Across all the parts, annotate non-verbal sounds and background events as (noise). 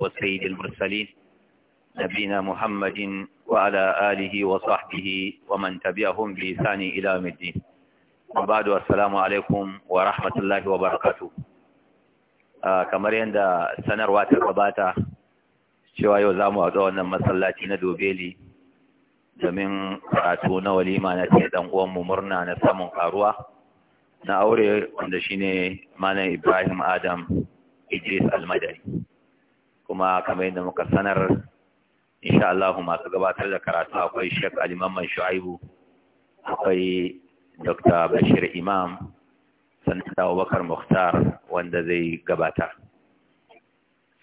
وسيد المرسلين نبينا محمد وعلى آله وصحبه ومن تبعهم بإحسان إلى يوم الدين وبعد السلام عليكم ورحمة الله وبركاته kamar yadda sanarwa ta gabata cewa yau za mu haɗu wannan masallaci na dobeli domin karatu na walima na ce ɗan uwanmu murna na samun karuwa na aure wanda shine malam ibrahim adam idris almadari kuma kamar yadda muka sanar insha Allah masu gabatar da karatu akwai Sheikh Ali Mamman Shu'aibu akwai Dr. Bashir Imam sannan da Abubakar Mukhtar wanda zai gabata.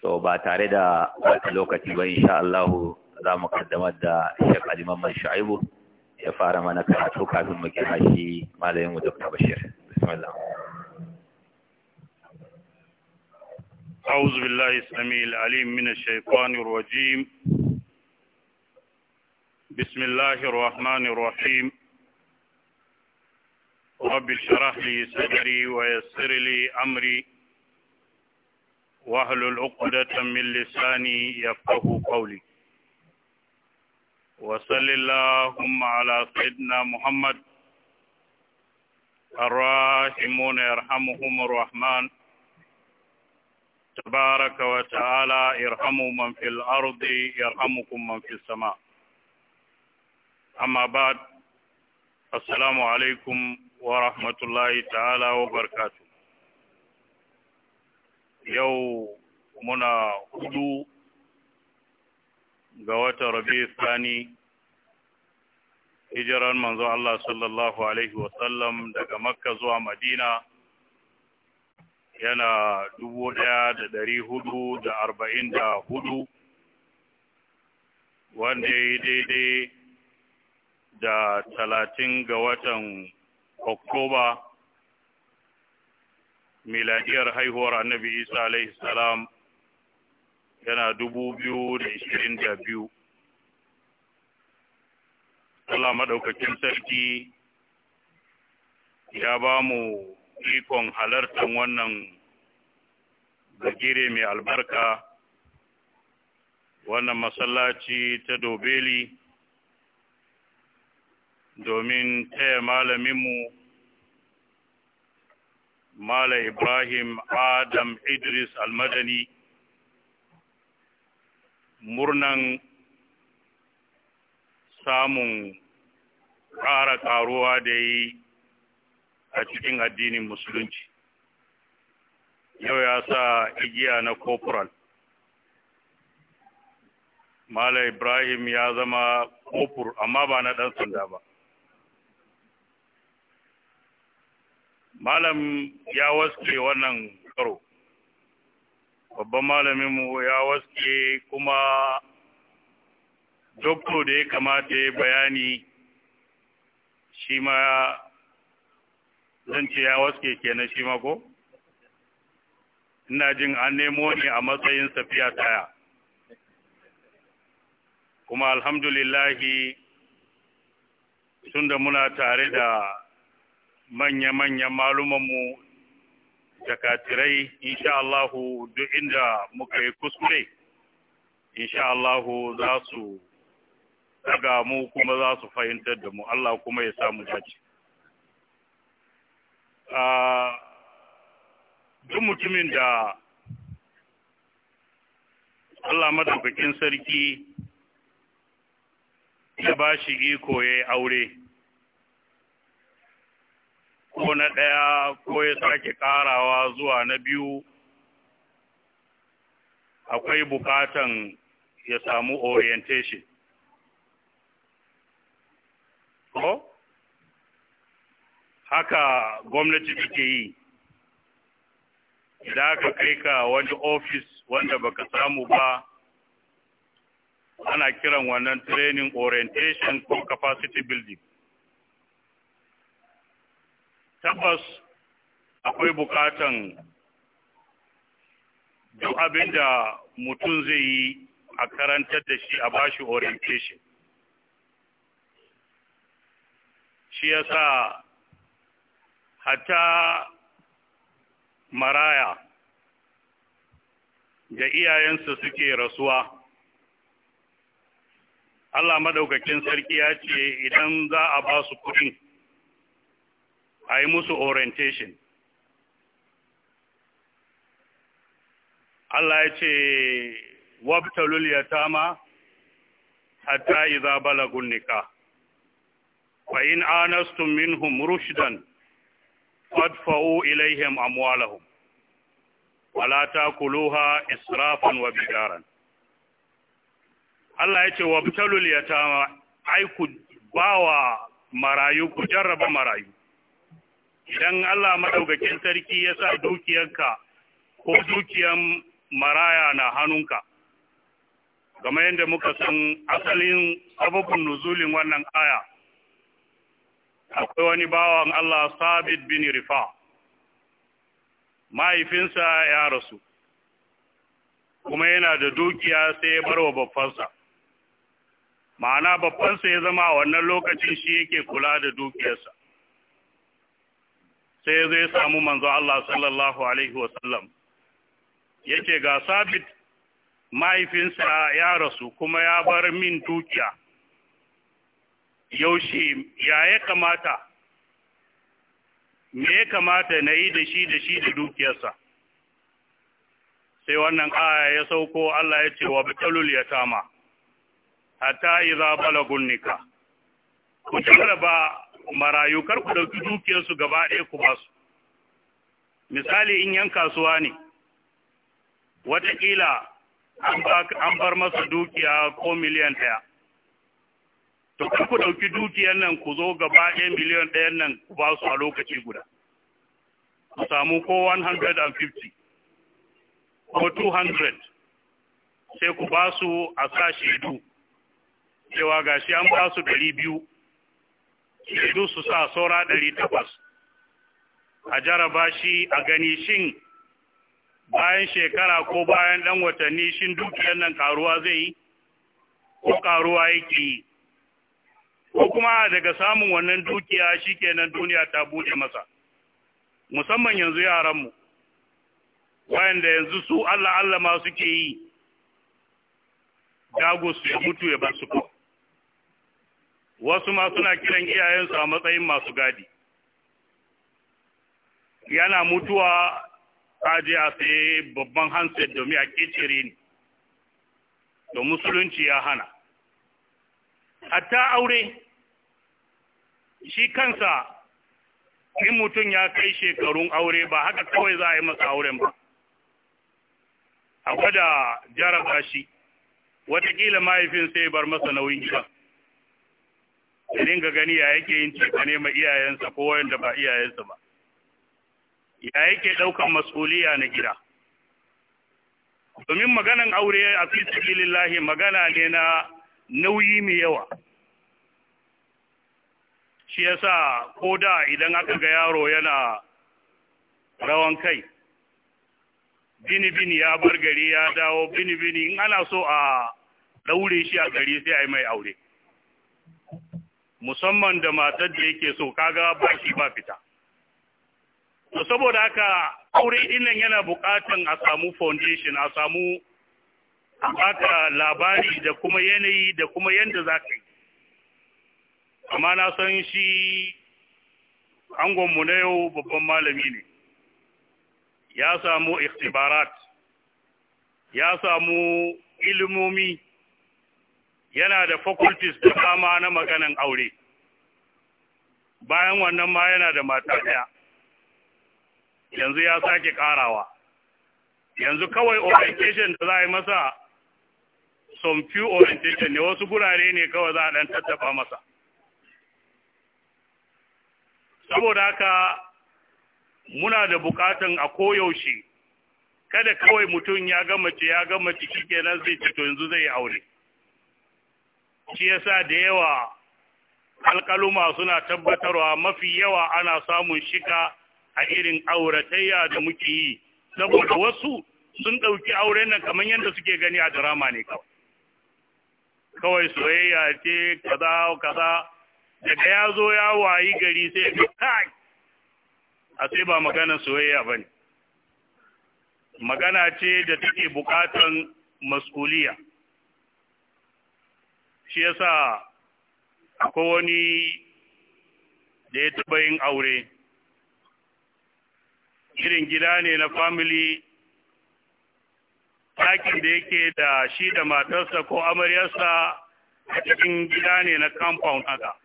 so ba tare da wata lokaci ba insha Allah za mu kaddamar da Sheikh Ali Mamman Shu'aibu ya fara mana karatu kafin mu kira shi malamin Dr. Bashir bismillah أعوذ بالله السميع العليم من الشيطان الرجيم بسم الله الرحمن الرحيم رب اشرح لي صدري ويسر لي أمري وأهل العقدة من لساني يفقه قولي وصل اللهم على سيدنا محمد الراحمون يرحمهم الرحمن تبارك وتعالى ارحموا من في الأرض يرحمكم من في السماء أما بعد السلام عليكم ورحمة الله تعالى وبركاته يو منا هدو قوات ربيع الثاني hijirar manzo Allah sallallahu Alaihi wasallam daga Makka zuwa Madina yana dubu ɗaya da ɗari hudu da arba'in da hudu wanda ya yi daidai da talatin ga watan oktoba miladiyar haihuwar annabi isa alaihi salam yana dubu biyu da ishirin da biyu Allah maɗaukakin sarki ya ba mu ikon halartar wannan zagire mai albarka wannan masallaci ta dobeli domin taya malaminmu mala ibrahim adam idris almadani murnan samun ƙara ƙaruwa da yi a cikin addinin musulunci yau ya sa igiya na corporal Mala Ibrahim ya zama kofur amma ba na ɗan sanda ba. Malam ya waske wannan karo, babban malaminmu ya waske kuma dokto da ya kamata ya bayani shi ma zan ce ya waske kenan shi ma ko? ina jin an nemo ni a matsayin safiya taya kuma alhamdulillahi tun da muna tare da manya-manyan malumanmu da katirai insha Allahu duk inda muka yi kuskure insha Allahu za su daga mu kuma za su fahimtar da mu Allah kuma ya samu dace ah, duk mutumin da Allah madaukakin sarki ya ba shi iko ya aure ko na ɗaya ko ya sake ƙarawa zuwa na biyu akwai bukatan ya samu orientation ko haka gwamnati take yi idan aka kai ka wani ofis wanda baka samu ba ana kiran wannan training orientation ko capacity building tabbas akwai bukatan duk abin da mutum zai yi a karantar da shi a bashi orientation shi yasa hatta maraya ga iyayensu suke rasuwa Allah madaukakin sarki ya ce idan za a ba su kudin a yi musu orientation Allah ya ce wabtalul yatama hatta idza balagun nika fa in anastu minhum rushdan fadfa'u ilaihim amwalahum wala takuluha israfan wa bidaran Allah yace wabtalul yatama ai ku bawa marayu ku jarraba marayu idan Allah madaukakin sarki ya sa dukiyarka ko dukiyar maraya na hannunka game yadda muka san asalin sababin nuzulin wannan aya akwai wani bawan Allah sabit bin rifa mahaifinsa ya rasu kuma yana da dukiya sai ya bar wa babbansa ma'ana babbansa ya zama a wannan lokacin shi yake kula da dukiyarsa sai ya zai samu manzo Allah sallallahu alaihi wasallam yake ga sabit mahaifinsa ya rasu kuma ya bar min dukiya yaushe ya ya kamata me ya kamata na yi da shi da shi da dukiyarsa sai wannan aya ya sauko Allah ya ce wa bitalul ya tama hatta za balagun gunnika. ku jira ba marayu kar ku dauki dukiyarsu gaba ɗaya ku basu misali in yan kasuwa ne Wataƙila an bar masa dukiya ko miliyan ɗaya to kar ku ɗauki dukiyar nan ku zo gaba ɗaya miliyan ɗayan nan ku ba su a lokaci guda ku samu ko 150 ko 200 sai ku ba su a sa shaidu cewa ga shi an ba su 200 shaidu su sa saura 800 a jaraba shi a gani shin bayan shekara ko bayan ɗan watanni shin dukiyar nan karuwa zai yi ko karuwa yake yi ko kuma daga samun wannan dukiya shikenan duniya ta buɗe masa musamman yanzu yaranmu wayanda yanzu su Allah Allah ma suke yi dago su ya mutu ya bar ko wasu ma suna kiran iyayensu a matsayin masu gadi yana mutuwa je a sai babban hanset domin a kicire ne da musulunci ya hana hatta aure shi kansa in mutum ya kai shekarun aure ba haka kawai za a yi masa auren ba a gwada jaraba shi watakila mahaifin sai bar masa nauyin gidan ya gani ya yake yin cika nema iyayensa ko wanda ba iyayensa ba ya yake ɗaukan masuliya na gida domin maganan aure a fi magana ne na nauyi mai yawa shi yasa ko da idan aka ga yaro yana rawan kai bini-bini ya bar gari ya dawo bini-bini in ana so a daure shi a gari sai a yi mai aure musamman da matar da yake so kaga ba shi ba fita saboda haka aure dinnan yana buƙatan a samu foundation a samu baka labari da kuma yanayi da kuma yanda za ka yi amma na san shi angon mu na yau babban malami ne ya samu ikhtibarat ya samu ilimomi yana da faculties da kama na maganan aure bayan wannan ma yana da mata daya yanzu ya sake ƙarawa yanzu kawai orientation da za a yi masa some few orientation ne wasu gurare ne kawai za a ɗan tattaɓa masa saboda haka muna da bukatan a koyaushe kada kawai mutum ya gama ce ya gama ce nan zai to yanzu zai aure shi yasa da yawa alkaluma suna tabbatarwa mafi yawa ana samun shika a irin auratayya da muke yi saboda wasu sun ɗauki auren nan kamar yadda suke gani a drama ne kawai kawai soyayya ce kaza kaza daga ya zo ya wayi gari sai ya kai a sai ba maganar soyayya ba ne magana ce da take bukatan mas'uliya shi yasa akwai wani da ya taɓa yin aure irin gida ne na family takin da yake da shi da matarsa ko amaryarsa a cikin gida ne na compound haka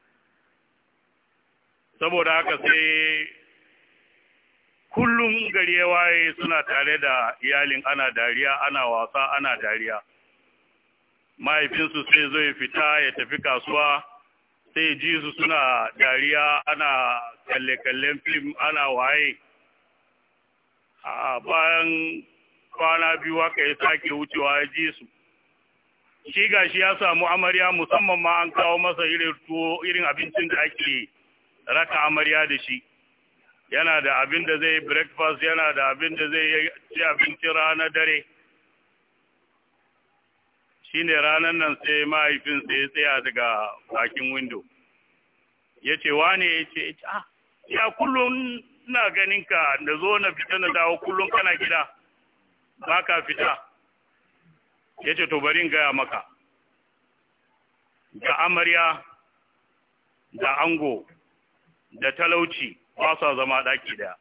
saboda haka sai kullum gari waye suna tare da iyalin ana dariya ana wasa ana dariya mahaifinsu sai zo ya fita ya tafi kasuwa sai ji su suna dariya ana kalle-kallen fim ana waye a bayan kwana biyu aka ya sake wucewa ya ji su shi gashi ya samu amarya musamman ma an kawo masa irin irin abincin da ake raka amarya da shi yana da abin da zai breakfast yana da abin da zai ci abinci rana dare shi ne ranar nan sai mahaifin ya tsaya daga bakin window ya ce wane ya ce ya ah, kullum na ganin ka da zo na fita na dawo kullum kana gida ba ka fita ya ce to bari gaya maka ga amarya da ango da talauci ba sa zama ɗaki ɗaya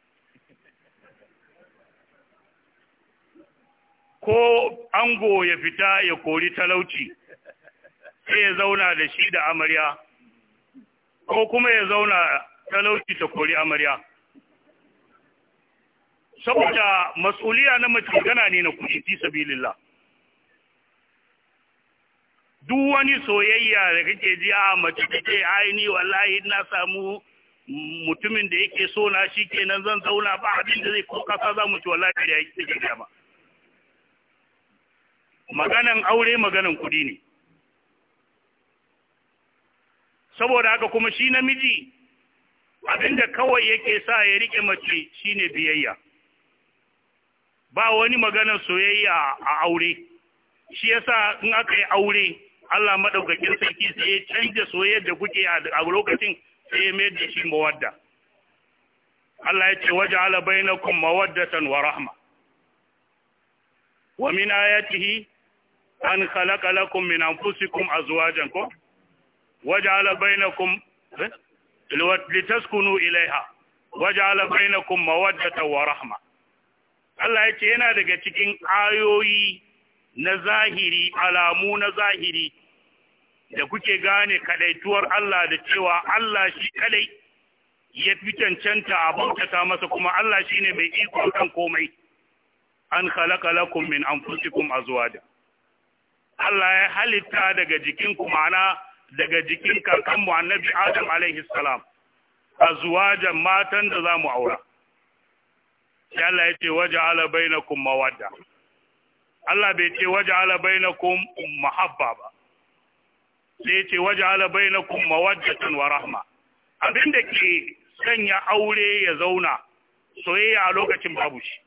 ko ango ya fita ya kori talauci sai ya zauna da shi da amarya ko kuma ya zauna talauci ta kori amarya saboda masuliya na mace gana ne na kuɗi fi sabilillah duk wani soyayya da kake ji a ah, mace take ai ni wallahi na samu mutumin da yake so na shi kenan zan zauna ba abin da zai ko kasa za mu ci wallahi da yake take gaya ba maganan aure maganan kudi ne saboda haka kuma shi namiji abinda kawai yake sa ya rike mace shine biyayya ba wani maganan soyayya a aure shi yasa in aka yi aure Allah madaukakin sarki sai ya canja soyayya da kuke a lokacin sai ya mayar da shi mawadda Allah ya ce waje ala bainakum mawaddatan wa rahma wa min ayatihi an khalaqa lakum min anfusikum azwajan na kun bainakum eh? litaskunu ilaiha Waje waja'ala bainakum mawaddatan wa rahma Allah ya ce yana daga cikin ayoyi na zahiri alamu na zahiri da kuke gane kadaituwar Allah da cewa Allah shi kadai ya fi cancanta a bautata masa kuma Allah shi ne mai iko kan komai an khalaqa lakum min anfusikum azwaja Allah ya halitta daga jikin ku ma'ana daga jikin mu annabi Adam alaihi salam azwaja matan da zamu aura sai Allah ya ce waja'ala bainakum mawadda Allah bai ce waja'ala bainakum mahabba ba sai ce waje alabai na kuma wajatan wa rahama abinda ke sanya aure ya zauna soyayya a lokacin babu shi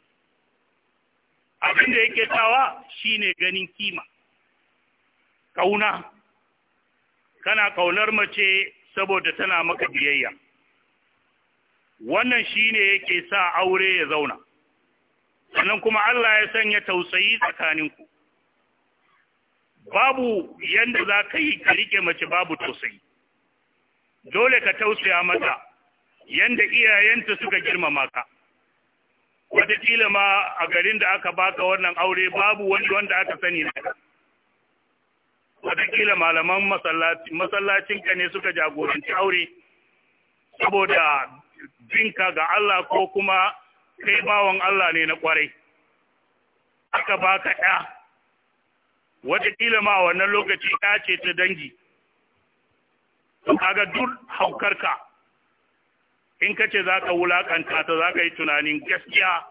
abinda yake tawa shine ganin kima kauna kana kaunar mace saboda tana maka biyayya wannan shi ne yake sa aure ya zauna sannan kuma Allah ya sanya tausayi tsakaninku babu yanda za ka yi ka rike mace babu tausayi dole ka tausaya mata yanda iyayenta suka girmama ka wataƙila ma a garin da aka baka wannan aure babu wani wanda aka sani na ka wataƙila malaman masallacinka ne suka jagoranci aure saboda binka ga Allah ko kuma kai bawan Allah ne na kwarai aka baka ɗaya. wataƙila ma wannan lokaci ya ce ta dangi to kaga duk haukarka in ka ce za ka wulaƙanta ta za ka yi tunanin gaskiya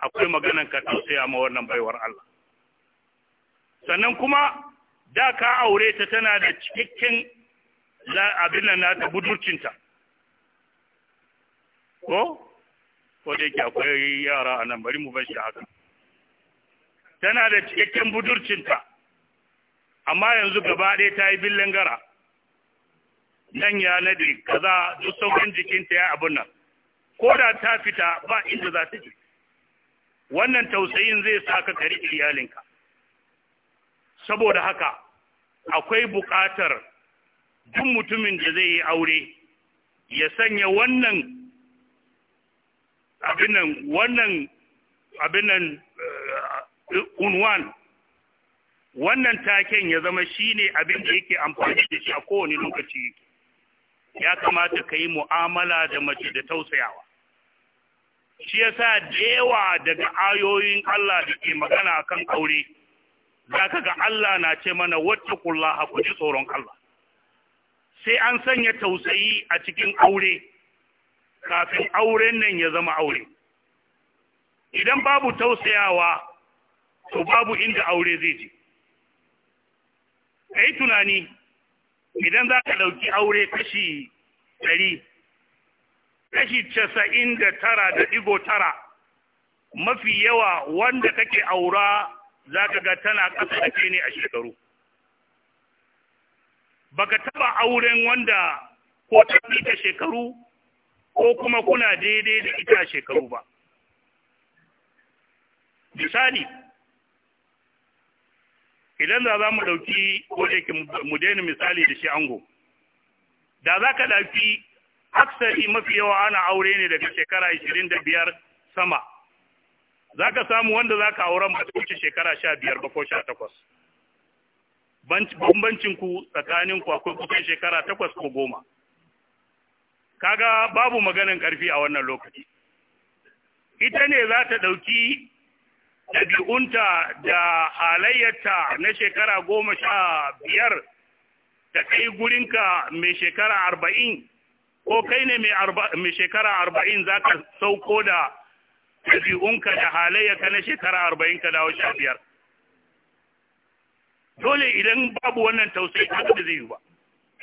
akwai maganan ka tausaya ma wannan baiwar Allah sannan kuma da ka aure ta tana da cikakken abin nan nata budurcinta ko ko da yake akwai yara a nan bari mu bar shi haka tana da cikakken budurcinta amma yanzu gaba ɗaya ta yi billin gara nan ya nadi kaza duk saurin jikinta ya abin nan ko da ta fita ba inda za ta je wannan tausayin zai sa ka kari iyalinka saboda haka akwai buƙatar duk mutumin da zai yi aure ya sanya wannan abin wannan abinan eh, unwan wannan taken ya zama shine abin da yake amfani da shi a kowane lokaci ya kamata ka yi mu'amala da mace da tausayawa shi yasa da daga ayoyin Allah da ke magana akan aure zaka ga Allah na ce mana wata wattaqullaha ku ji tsoron Allah sai an sanya tausayi a cikin aure kafin auren nan ya zama aure idan babu tausayawa to babu inda aure zai je kai tunani idan za ka ɗauki aure kashi ɗari kashi casa'in da tara da ɗigo tara mafi yawa wanda kake aura za ka ga tana ƙasa da ne a shekaru baka taba auren wanda ko ta ita shekaru ko kuma kuna daidai da ita shekaru ba misali idan da za mu ɗauki ko da ki mu daina misali da shi ango da za ka ɗauki aksari mafi yawa ana aure ne daga shekara 25 da biyar sama za ka samu wanda za ka auren ba ta wuce shekara sha biyar ba ko sha takwas tsakanin tsakaninku akwai kusan shekara takwas ko goma kaga babu maganin ƙarfi a wannan lokaci ita ne za ta ɗauki ɗabi'unta da halayyarta na shekara goma sha biyar da kai gurinka mai shekara arba'in ko kai ne mai shekara arba'in za ka sauko da ɗabi'unka da halayyarka na shekara arba'in ka dawo sha biyar dole idan babu wannan tausayi ta da zai yi ba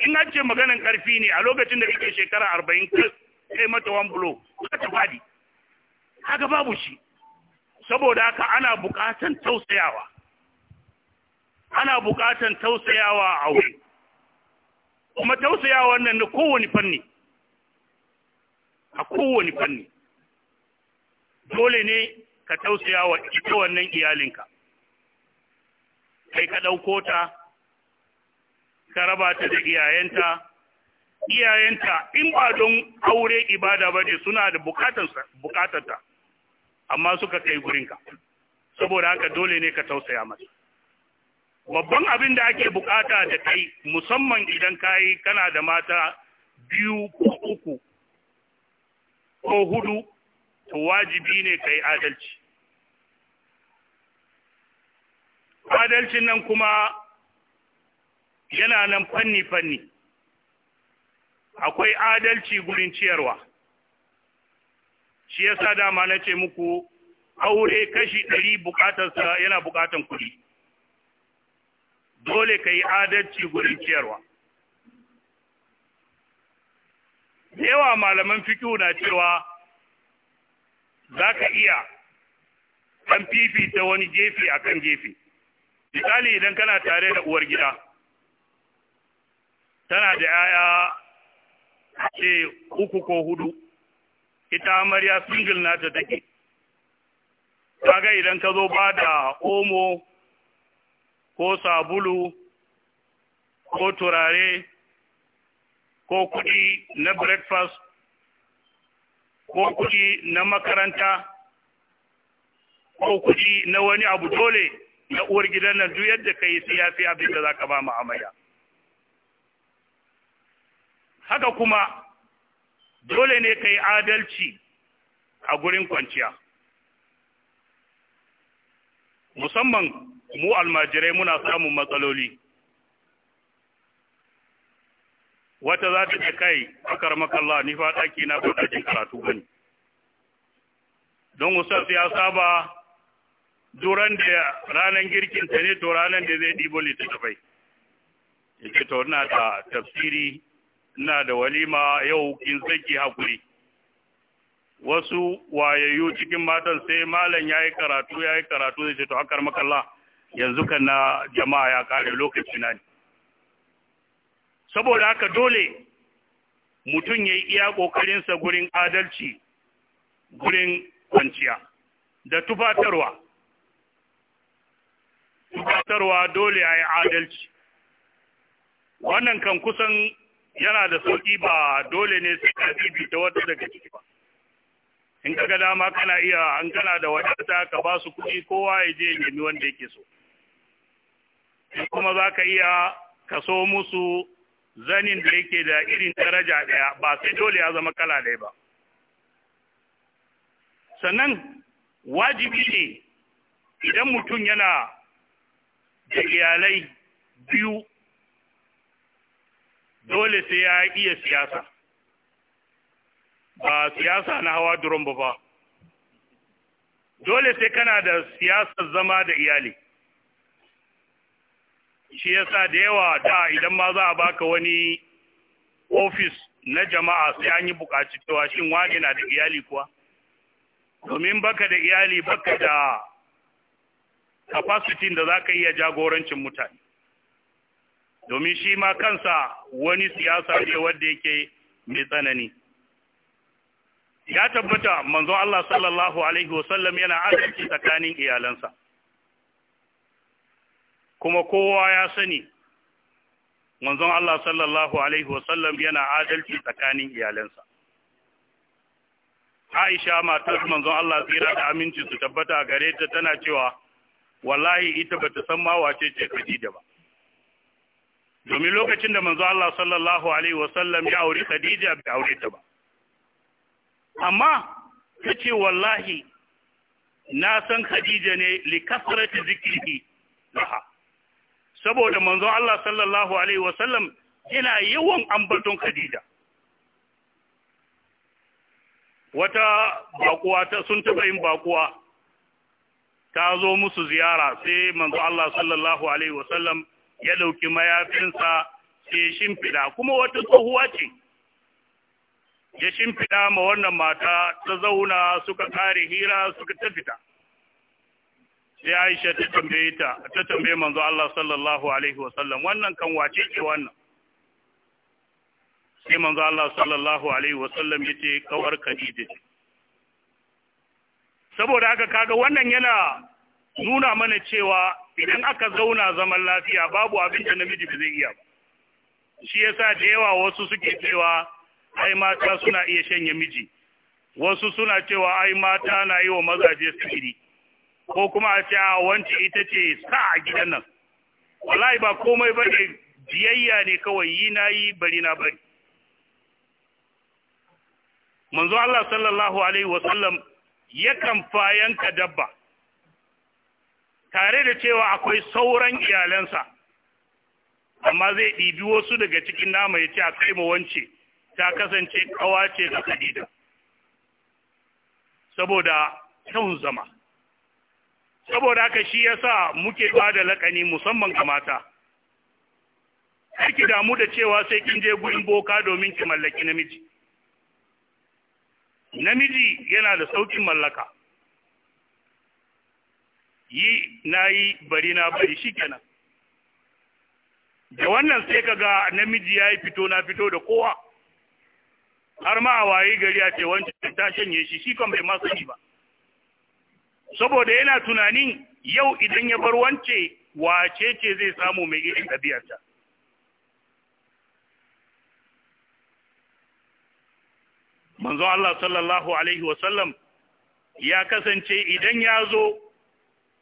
in an ce maganan ƙarfi ne a lokacin da kake shekara arba'in kai mata wan bulo za ta fadi haka babu shi saboda haka ana bukatan tausayawa ana bukatan tausayawa a wuri kuma tausayawa nan na kowane fanni a kowane fanni dole ne ka tausayawa ita wannan iyalinka kai ka ɗauko ta ka raba ta da iyayenta iyayenta in ba don aure ibada ba ne suna da bukatanta amma suka kai gurinka saboda haka dole ne ka tausaya masa babban abin da ake bukata da kai musamman idan kayi kana da mata biyu ko uku ko hudu to wajibi ne kai adalci adalcin nan kuma yana nan fanni-fanni akwai adalci gurin ciyarwa shi yasa dama na ce muku aure kashi ɗari sa yana bukatan kuɗi dole ka yi adalci gurin ciyarwa yawa malaman fikihu na cewa za ka iya ɗan fifita wani jefi a kan gefe misali idan kana tare da uwar gida tana da 'ya'ya ce uku ko hudu ita amarya single nata take kaga idan ka zo ba da omo ko sabulu ko turare ko kuɗi na breakfast ko kuɗi na makaranta ko kuɗi na wani abu dole na uwar gidan nan duk yadda ka yi siyafi abin da za ka ba mu amaya haka kuma dole ne ka yi adalci a gurin kwanciya musamman mu almajirai muna samun matsaloli wata za ta ce kai akar makalla ni fa ɗaki na ba karatu gani don usas ya saba duran da ranar girkinta ne to ranar da zai ɗibo littattafai yake to na da tafsiri ina da walima yau in saki hakuri wasu wayayyu cikin matan sai malam yayi karatu yi karatu zai ce to akar makalla yanzu kan na jama'a ya kare lokaci na ne saboda haka dole mutum yayi iya kokarinsa gurin adalci gurin kwanciya da tufatarwa tufatarwa dole a yi adalci wannan kan kusan yana da sauki ba dole ne sai ka bibita wata daga ciki ba in ka ga dama kana iya an kana da wadata ka ba su kuɗi kowa ya je nemi wanda yake so in kuma za ka iya kaso musu zanin da yake da irin daraja ɗaya ba sai dole ya zama kala ɗaya ba sannan wajibi ne idan mutum yana da iyalai biyu dole sai ya iya siyasa ba siyasa na hawa duron ba dole sai kana da siyasar zama da iyali shi yasa da yawa da idan ma za a baka wani ofis na jama'a sai an yi bukaci cewa shin wani na da iyali kuwa domin baka da iyali baka da capacity da za ka iya jagorancin mutane domin shi ma kansa wani siyasa ne wanda yake mai tsanani ya tabbata manzon Allah sallallahu alaihi wasallam yana adalci tsakanin iyalansa kuma kowa ya sani manzon Allah sallallahu alaihi wasallam yana adalci tsakanin iyalansa Aisha matar manzon Allah tsira da aminci su tabbata gare ta tana cewa wallahi ita bata san ma wace ce Khadija ba domin lokacin da manzo Allah sallallahu alaihi wasallam ya aure Khadija bai aure ta ba amma kace wallahi na san Khadija ne li kasrati zikrihi laha saboda manzo Allah sallallahu alaihi wasallam yana yawan ambaton Khadija wata bakuwa ta sun taba yin bakuwa ta zo musu ziyara sai manzo Allah sallallahu alaihi wasallam ya ɗauki mayafinsa sai shimfiɗa kuma wata tsohuwa ce ya shimfiɗa ma wannan mata ta zauna suka kare hira suka ta fita sai Aisha ta tambaye ta ta tambaye manzo Allah sallallahu alaihi wasallam wannan kan wace ce wannan sai manzo Allah sallallahu alaihi wasallam yace kawar Khadija saboda haka kaga wannan yana nuna mana cewa idan aka zauna zaman lafiya babu abin da namiji ba zai iya ba shi yasa da yawa wasu suke cewa ai mata suna iya shanye miji wasu suna cewa ai mata na yi wa mazaje sihiri ko kuma a ce a wance ita ce sa a gidan nan wallahi ba komai ba ne biyayya ne kawai yi na yi bari na bari manzo Allah sallallahu alaihi wasallam yakan fayanka dabba tare da cewa akwai sauran iyalansa amma zai ɗibi wasu daga cikin nama ya ce a kai ma wance ta kasance ce ga hadida saboda kyawun zama saboda haka shi ya sa muke ba da laƙani, musamman ga mata ki damu da cewa sai kin je gurin boka domin ki mallaki namiji namiji yana da saukin mallaka yi na yi bari na bari shi kenan da wannan sai ka ga namiji ya yi fito na fito da kowa har ma a waye gari a ce wancan ta shanye shi shi kan bai masu yi ba saboda yana tunanin yau idan ya bar wance wace ce zai samu mai irin ɗabi'arta manzo Allah sallallahu alaihi wasallam ya kasance idan ya zo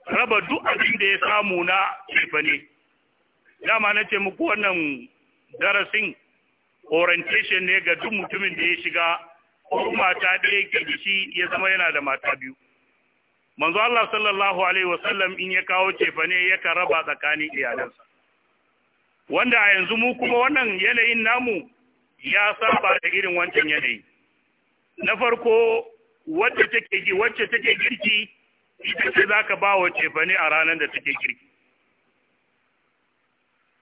raba duk abin da ya samu na cefane dama na ce muku wannan darasin orientation ne ga duk mutumin da ya shiga ko mata ɗaya ke shi ya zama yana da mata biyu manzo Allah sallallahu alaihi wasallam in ya kawo cefane yaka raba tsakanin iyalansa wanda a yanzu mu kuma wannan yanayin namu ya saba da irin wancan yanayi na farko wacce wacce take girki ita ce za ka ba wa cefane a ranar da take kirki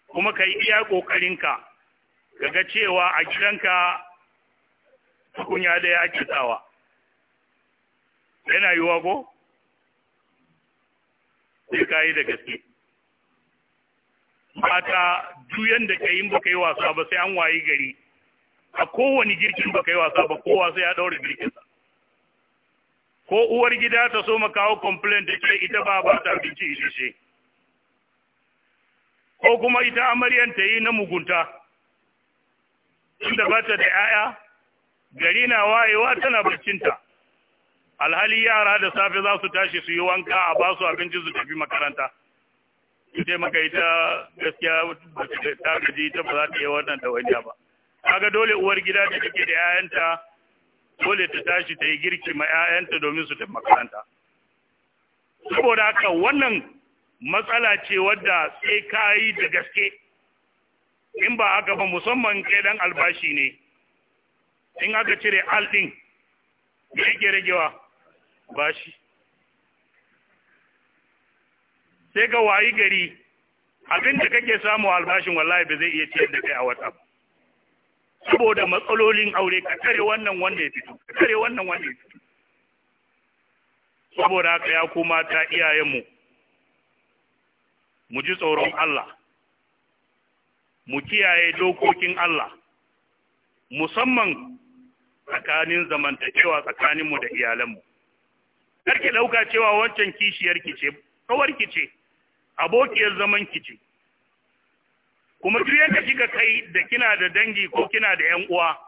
kuma ka yi iya ƙoƙarinka ka ga cewa a gidanka tukunya da ya kitsawa yana yiwa sai ka yi da gaske mata duyan da ka yi ba ka wasa ba sai an wayi gari a kowane girkin ba ka yi wasa ba kowa sai ya ɗaure girkinsa ko uwar gida ta so ma kawo complaint da ke ita ba ba ta binci ko kuma ita amaryan ta yi na mugunta inda ba ta da yaya gari na wayewa tana barcinta alhali yara da safe za su tashi su yi wanka a ba su abinci su tafi makaranta ita maka ita gaskiya ta gaji ita ba za ta yi wannan da wani ba kaga dole uwar gida da take da yayanta dole ta tashi ta yi girki ma 'ya'yanta domin su tafi makaranta saboda haka wannan matsala ce wadda sai ka yi da gaske in ba aka ba musamman kai ɗan albashi ne in aka cire alɗin, ya yake ragewa bashi sai ga wayi gari abin da kake samu albashin wallahi ba zai iya ciyar da kai a wata saboda matsalolin aure ka kare wannan wanda ya fito ka kare wannan wanda ya fito saboda haka ya kuma ta iyayenmu mu ji tsoron Allah mu kiyaye dokokin Allah musamman tsakanin zamantakewa tsakaninmu da iyalanmu karki dauka cewa wancan kishiyar ce kawarki ce abokiyar zaman kice kuma duk yadda kika kai da kina da dangi ko kina da ƴan uwa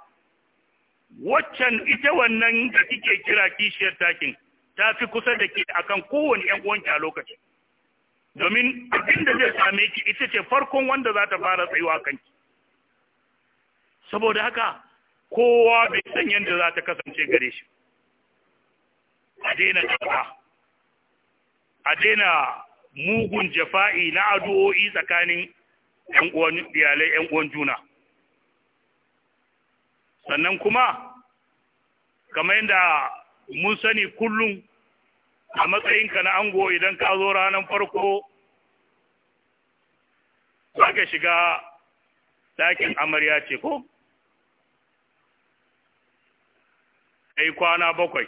waccan ita wannan da kike kira kishiyar takin ta fi kusa da ke akan kowane ƴan uwanki a lokaci domin abin da zai same ki ita ce farkon wanda za ta fara tsayuwa kanki saboda haka kowa bai san yadda za ta kasance gare shi a daina jafa a daina mugun jafa'i na addu'o'i tsakanin ‘yan uwan iyalai ‘yan uwan juna sannan kuma kamar yadda mun sani kullum a matsayinka na ango idan ka zo ranar farko za ka shiga ɗakin amarya ce ko? kai kwana bakwai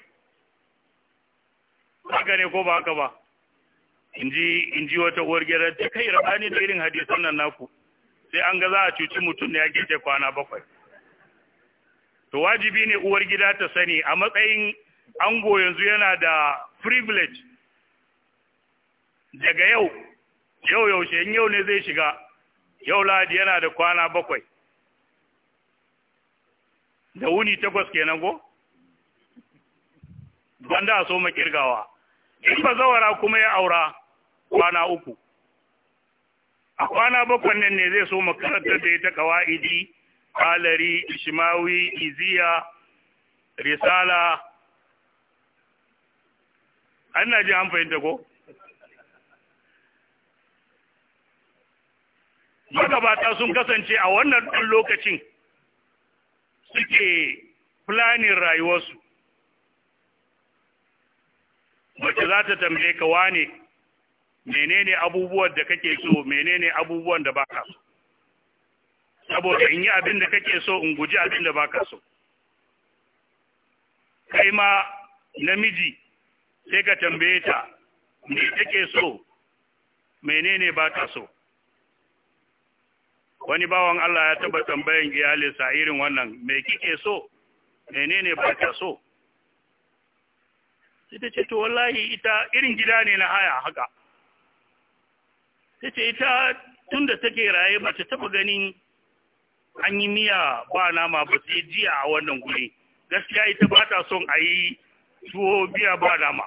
ka ne ko ba haka ba in ji wata uwar gida, ta kai rabani da irin hadisan nan naku sai an ga za a cuci mutum da ya gece kwana bakwai to wajibi ne uwar gida ta sani a matsayin ango yanzu yana da privilege daga yau yau yaushe in yau ne zai shiga yau Ladi yana da kwana bakwai da wuni takwas kenan go banda so makirgawa in ba zawara kuma ya aura kwana uku a kwana bakwai nan ne zai so makarantar da ita kawaidi alari shimawi, iziya risala ana ji an fahimta ko magabata sun kasance a wannan ɗan lokacin suke planin rayuwarsu mace za ta tambaye ka wane menene abubuwan da kake so menene abubuwan da baka so saboda in yi abin da kake so in guji abin da baka so kai ma namiji sai ka tambaye ta me kake so menene baka so wani bawan Allah ya taba tambayan iyalinsa irin wannan me kike so menene baka so ita ce to wallahi ita irin gida ne na haya haka ta ce ita tun da take raye ba ta taɓa ganin an yi miya ba nama ba sai jiya a wannan guri gaskiya ita ba ta son a yi tuwo biya ba nama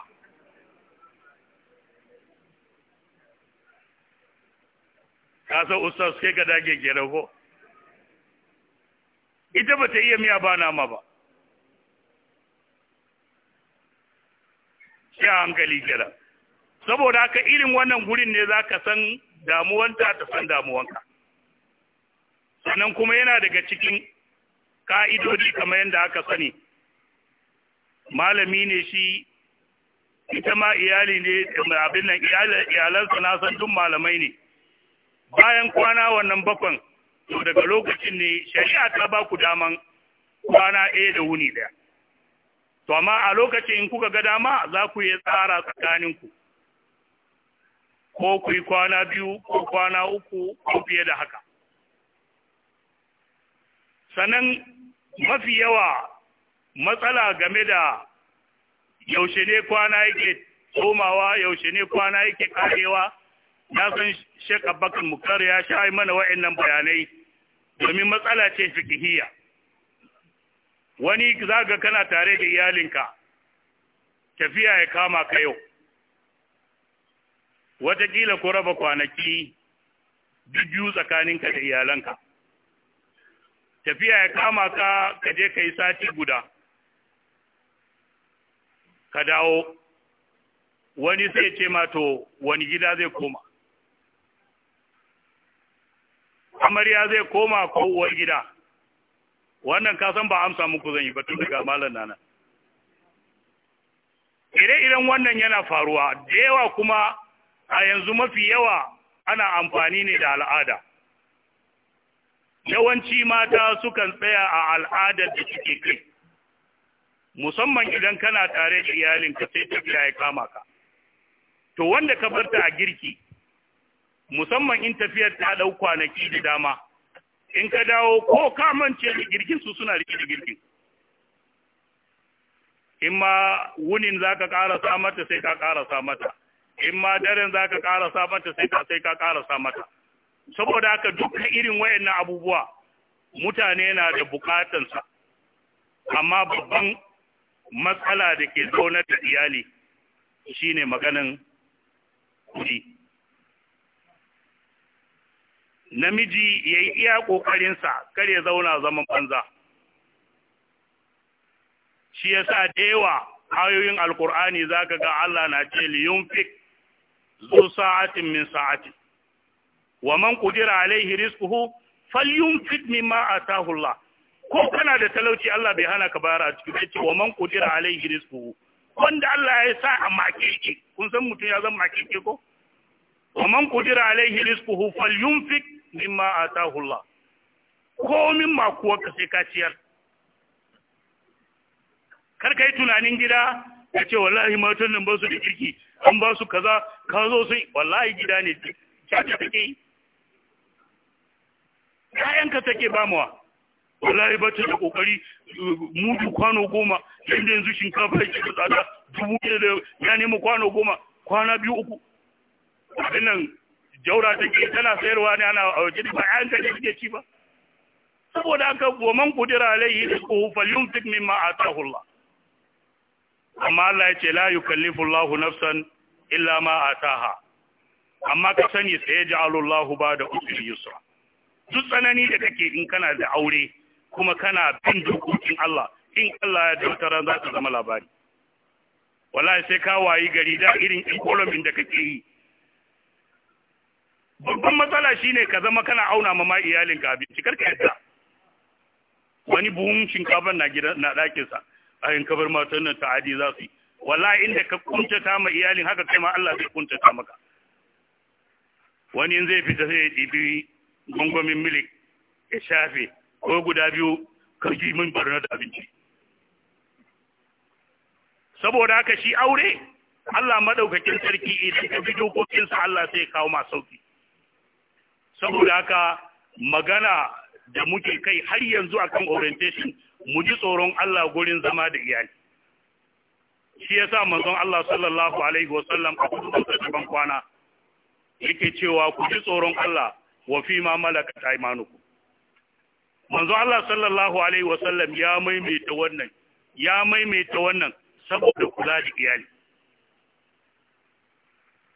kasar san ustaz kai ga dage gere ko ita ba ta iya miya ba nama ba sai hankali kenan saboda haka irin wannan gurin ne za ka san damuwanta ta san damuwanka sannan kuma yana daga cikin ka'idodi kamar yadda aka sani malami ne shi ita ma iyali ne abin nan iyalansa na san tun malamai ne bayan kwana wannan bakon, to daga lokacin ne shari'a ta ba ku daman kwana ɗaya da wuni ɗaya to amma a lokacin in kuka ga dama za ku yi tsara tsakaninku ko ku yi kwana biyu ko kwana uku ko fiye da haka sannan mafi yawa matsala game da yaushe ne kwana yake tsomawa yaushe ne kwana yake karewa na san shek abubakar mukar ya sha mana wa'annan bayanai domin matsala ce fikihiyya wani zaga kana tare da iyalinka tafiya ya kama ka yau watakila ko raba kwanaki biyu tsakaninka da iyalanka tafiya ya kama ka ka je ka yi sati guda ka dawo wani sai ce ma to wani gida zai koma amarya zai koma ko uwar gida wannan kasan ba amsa muku zan yi ba tun daga malam nana ire-iren wannan yana faruwa da yawa kuma a yanzu mafi yawa ana amfani ne da al'ada yawanci mata sukan tsaya a al'adar da suke kai musamman idan kana tare da iyalinka sai tafiya ya kama ka to wanda ka barta a girki musamman in tafiyar ta dau kwanaki da dama in ka dawo ko kamance da girkin su suna rike da girkin in ma wunin za ka ƙarasa mata sai ka ƙarasa mata in ma daren za ka ƙarasa mata sai ka sai ka ƙarasa mata saboda haka dukkan irin wayannan abubuwa mutane na da bukatansa amma babban matsala da ke zaunar da iyali shine maganin kuɗi namiji ya yi iya ƙoƙarinsa kar ya zauna zaman banza shi yasa da yawa ayoyin alkur'ani ka ga Allah na ce liyunfik zu sa'atin min sa'ati wa man qudira alaihi rizquhu ma a ta hula. ko kana da talauci Allah bai hana ka bayar a ciki sai ce wa man qudira alaihi rizquhu wanda Allah ya sa a makeke kun san mutum ya zan makeke ko wa man qudira alaihi rizquhu falyunfiq mimma atahu Allah ko min ma kuwa ka sai ka ciyar kar kai tunanin gida ya ce wallahi matan nan ba su da kirki an ba su kaza ka zo sai wallahi gida ne caca take yi ƴaƴanka take ba mawa wallahi ba ta da kokari mutu kwano goma inda yanzu shinkafa yake da tsada dubu ɗaya da ya nemi kwano goma kwana biyu uku wannan jaura take tana sayarwa ne ana a waje ba ƴaƴanka ne suke ci ba saboda haka wa man qudira alayhi rizquhu falyumsik mimma ataahu Allah amma Allah ya ce la yukallifu Allahu nafsan illa ma ataha amma ka sani sai ja'alu Allahu ba da usri yusra duk tsanani da kake in kana da aure kuma kana bin dokokin Allah in Allah ya dautara za ta zama labari wallahi sai ka wayi gari da irin in da kake yi babban matsala shine ka zama kana auna ma ma iyalinka abinci karka yadda wani buhun shinkafa na gida na ɗakinsa ayin kabar matan nan ta adi za su yi wallahi inda ka kuntata ma iyalin haka kai ma Allah zai kuntata maka wani in zai fita sai ya ɗibi gungumin milik ya shafe ko guda biyu ka yi min barna da abinci saboda haka shi aure Allah madaukakin sarki idan ka bi dokokinsa Allah sai ya kawo ma sauki saboda haka magana da muke kai har yanzu akan orientation mu ji tsoron Allah gurin zama da iyali shi yasa manzon Allah sallallahu alaihi wasallam a kudu da ban kwana yake cewa ku ji tsoron Allah wa fi ma malakat aymanukum manzon Allah sallallahu alaihi wasallam ya maimaita wannan ya maimaita wannan saboda kula da iyali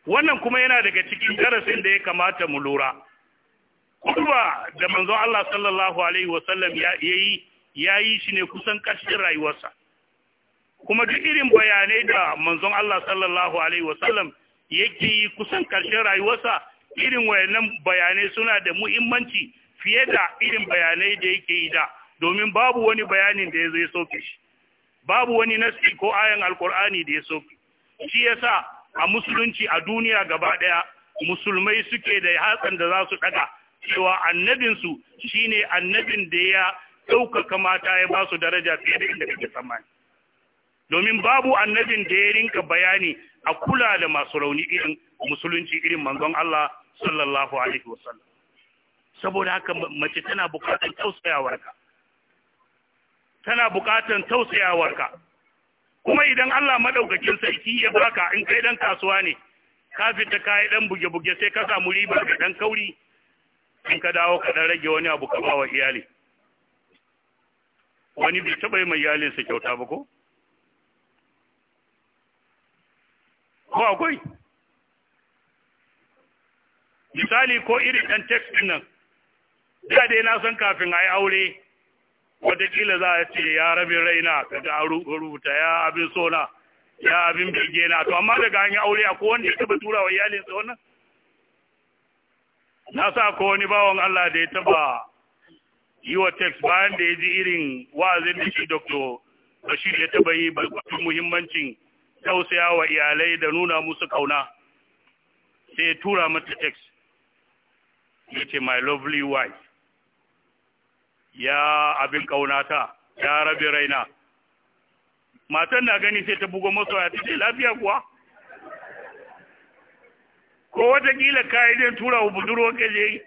wannan kuma yana daga cikin darasin da ya kamata mu lura kurwa da manzo Allah sallallahu alaihi sallam ya yi ya yi shi ne kusan ƙarshen rayuwarsa kuma duk irin bayanai da manzon Allah sallallahu alaihi sallam yake yi kusan ƙarshen rayuwarsa irin wayannan bayanai suna da muhimmanci fiye da irin bayanai da yake yi da domin babu wani bayanin da ya zai soke shi babu wani nasi ko ayan alkur'ani da ya soke shi yasa a musulunci a duniya gaba daya musulmai suke da hatsan da za su daga cewa annabinsu shi ne annabin da ya ɗaukaka mata ya ba su daraja fiye da inda kake tsammani domin babu annabin da ya rinka bayani a kula da masu rauni irin musulunci irin manzon Allah sallallahu alaihi wasallam saboda haka mace tana bukatar tausayawarka tana bukatar tausayawarka kuma idan Allah maɗaukakin sarki ya baka in kai dan kasuwa ne ka fita kai ɗan buge-buge sai ka samu riba dan kauri in ka dawo ka rage wani abu ka ba wa iyali wani bai taɓa yi mai iyalinsa kyauta ba ko? ko akwai misali ko irin ɗan tekstin nan da dai na san kafin a yi aure watakila za a ce ya rabin raina ka ga rubuta ya abin sona ya abin bege na to amma daga hanyar aure a wanda ya taba tura wa iyalinsa wannan na sa ko wani bawan Allah da ya taba yi wa text bayan da ya ji irin wa'azin da shi Dr. Bashir ya taba yi batun muhimmancin tausaya wa iyalai da nuna musu kauna sai ya tura mata text ya ce my lovely wife ya abin kaunata ya rabe raina matan na gani sai ta bugo masoya ta ce lafiya kuwa ko watakila kayi zai tura wa budurwa ka je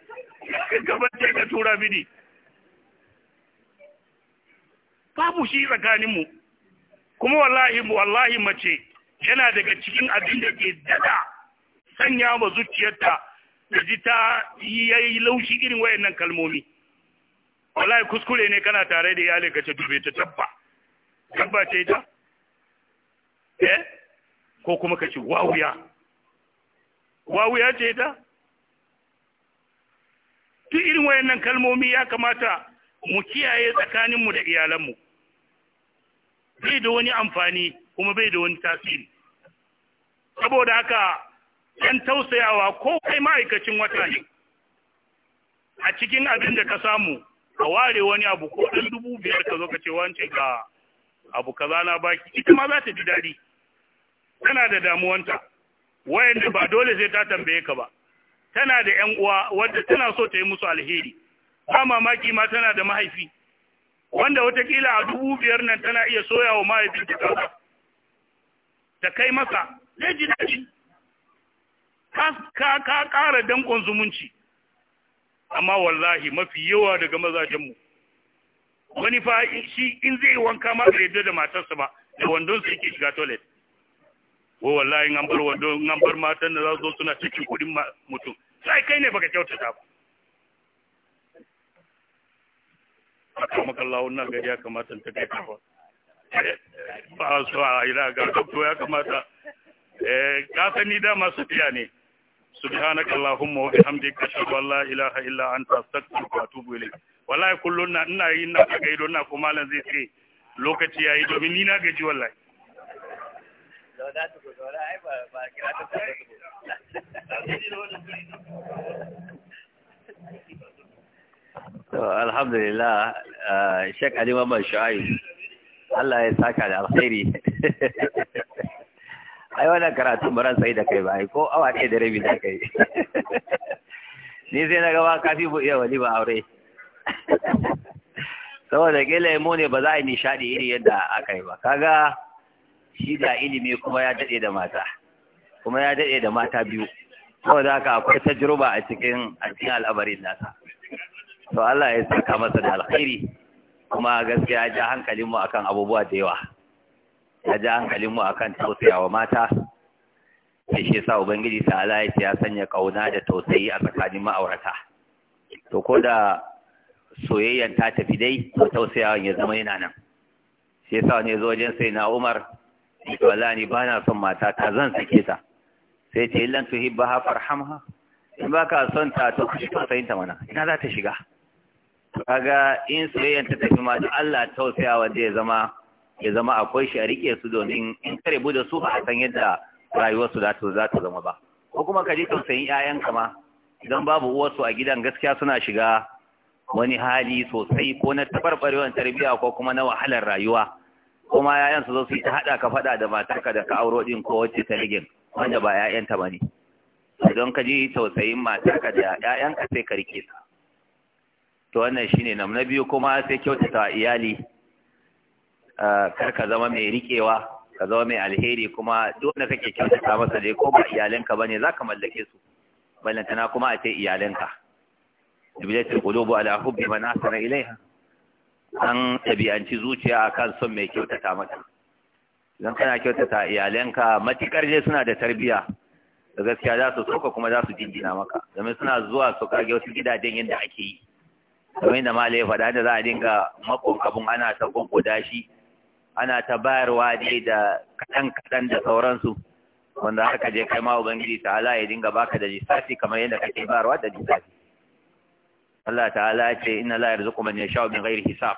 gabar ka tura mini babu shi tsakaninmu kuma wallahi wallahi mace yana daga cikin abin da ke dada sanya wa zuciyarta da ji ta yi laushi irin wayannan kalmomi wallahi kuskure ne kana tare da yale ka ce dube ta tabba tabba ce ta eh ko kuma ka ce wawuya Wawuya wuya ce ta duk irin wayannan kalmomi ya kamata mu kiyaye tsakaninmu da iyalanmu bai da wani amfani kuma bai da wani tasiri saboda haka ɗan tausayawa ko kai ma'aikacin wata ne a cikin abin da ka samu ka ware wani abu ko ɗan dubu biyar ka zo ka ce wance ga abu kaza na baki ita ma za ta ji daɗi tana da damuwanta wayanda ba dole sai ta tambaye ka ba tana da ƴan uwa wanda tana so ta yi musu alheri ba mamaki ma tana da mahaifi wanda watakila a dubu biyar nan tana iya soya wa mahaifinta kaza ta kai masa zai ji daɗi ka ƙara danƙon zumunci amma wallahi mafi yawa daga mazajenmu wani fa shi in zai wanka ma bai yadda da matarsa ba da wandon sa yake shiga toilet wai wallahi an bar wando an bar matan da za su zo suna cikin kudin mutum sai kai ne baka kyautata ba kuma makalla wannan gari ya kamata ta kai kafa ba su a yi ga dokto ya kamata eh ka sani da masu tiya ne subhanaka allahumma wa bihamdika ashhadu an la ilaha illa anta astaghfiruka wa atubu ilayk wallahi kullun na ina yi na ga ido na kuma malam zai ce lokaci yayi domin ni na gaji wallahi alhamdulillah uh, Sheikh Ali Muhammad Allah ya saka da alkhairi (laughs) ai wannan karatu maran sai da kai ba ko awa ɗaya da rabi da kai (laughs) ni sai na gaba kafi bu iya wani ba aure (laughs) saboda gele mu ne ba za a yi nishadi iri yadda aka yi ba kaga shi ga ilimi kuma ya daɗe da mata kuma ya daɗe da mata biyu saboda haka akwai tajruba a cikin a cikin al'amarin nasa to Allah ya saka masa da alkhairi kuma gaskiya ya ja hankalin mu akan abubuwa da yawa ya ja hankalin mu akan tausayawa mata sai shi sa ubangiji ta Allah ya sanya kauna da tausayi a tsakanin ma'aurata to ko da soyayyan ta tafi dai ko tausayawan ya zama yana nan sai sa ne zo wajen sai na Umar Wala ce ba ni bana son mata ta zan sake ta sai ce lan hibba ha farhamha in baka son ta to ka shiga sai ta mana ina za ta shiga to kaga in sayan ta tafi ma Allah da ya zama ya zama akwai shi a rike su domin in kare bu da su ba san yadda rayuwarsu za ta za ta zama ba ko kuma ka je tausayin ka ma idan babu uwarsu a gidan gaskiya suna shiga wani hali sosai ko na tabarbarewar tarbiyya ko kuma na wahalar rayuwa kuma yayan su zo su ta hada ka fada da matarka da ka auro din ko wacce ta rigin wanda ba yayanta bane idan ka ji tausayin matarka da yayanka sai ka rike ta to wannan shine namu na biyu kuma sai kyautata iyali kar ka zama mai rikewa ka zama mai alheri kuma duk wanda kake kyautata masa dai ko ba iyalanka bane zaka mallake su ballantana kuma a ce iyalanka Ibilatul qulubu ala hubbi man ahsana ilaiha an ɗabi'anci zuciya a kan son mai kyautata mata idan kana kyautata iyalenka matuƙar dai suna da tarbiyya da gaskiya za su soka kuma za su jinjina maka domin suna zuwa su kage wasu gidajen yadda ake yi kamar da mala da za a dinga makon ana ta kwankwada shi ana ta bayarwa dai da kaɗan kaɗan da sauransu wanda haka ka je kai ma ubangiji ta ala ya dinga baka da lissafi kamar yadda kake bayarwa da lissafi Allah ta'ala ya ce inna la yarzuqu man yasha'u min ghairi hisab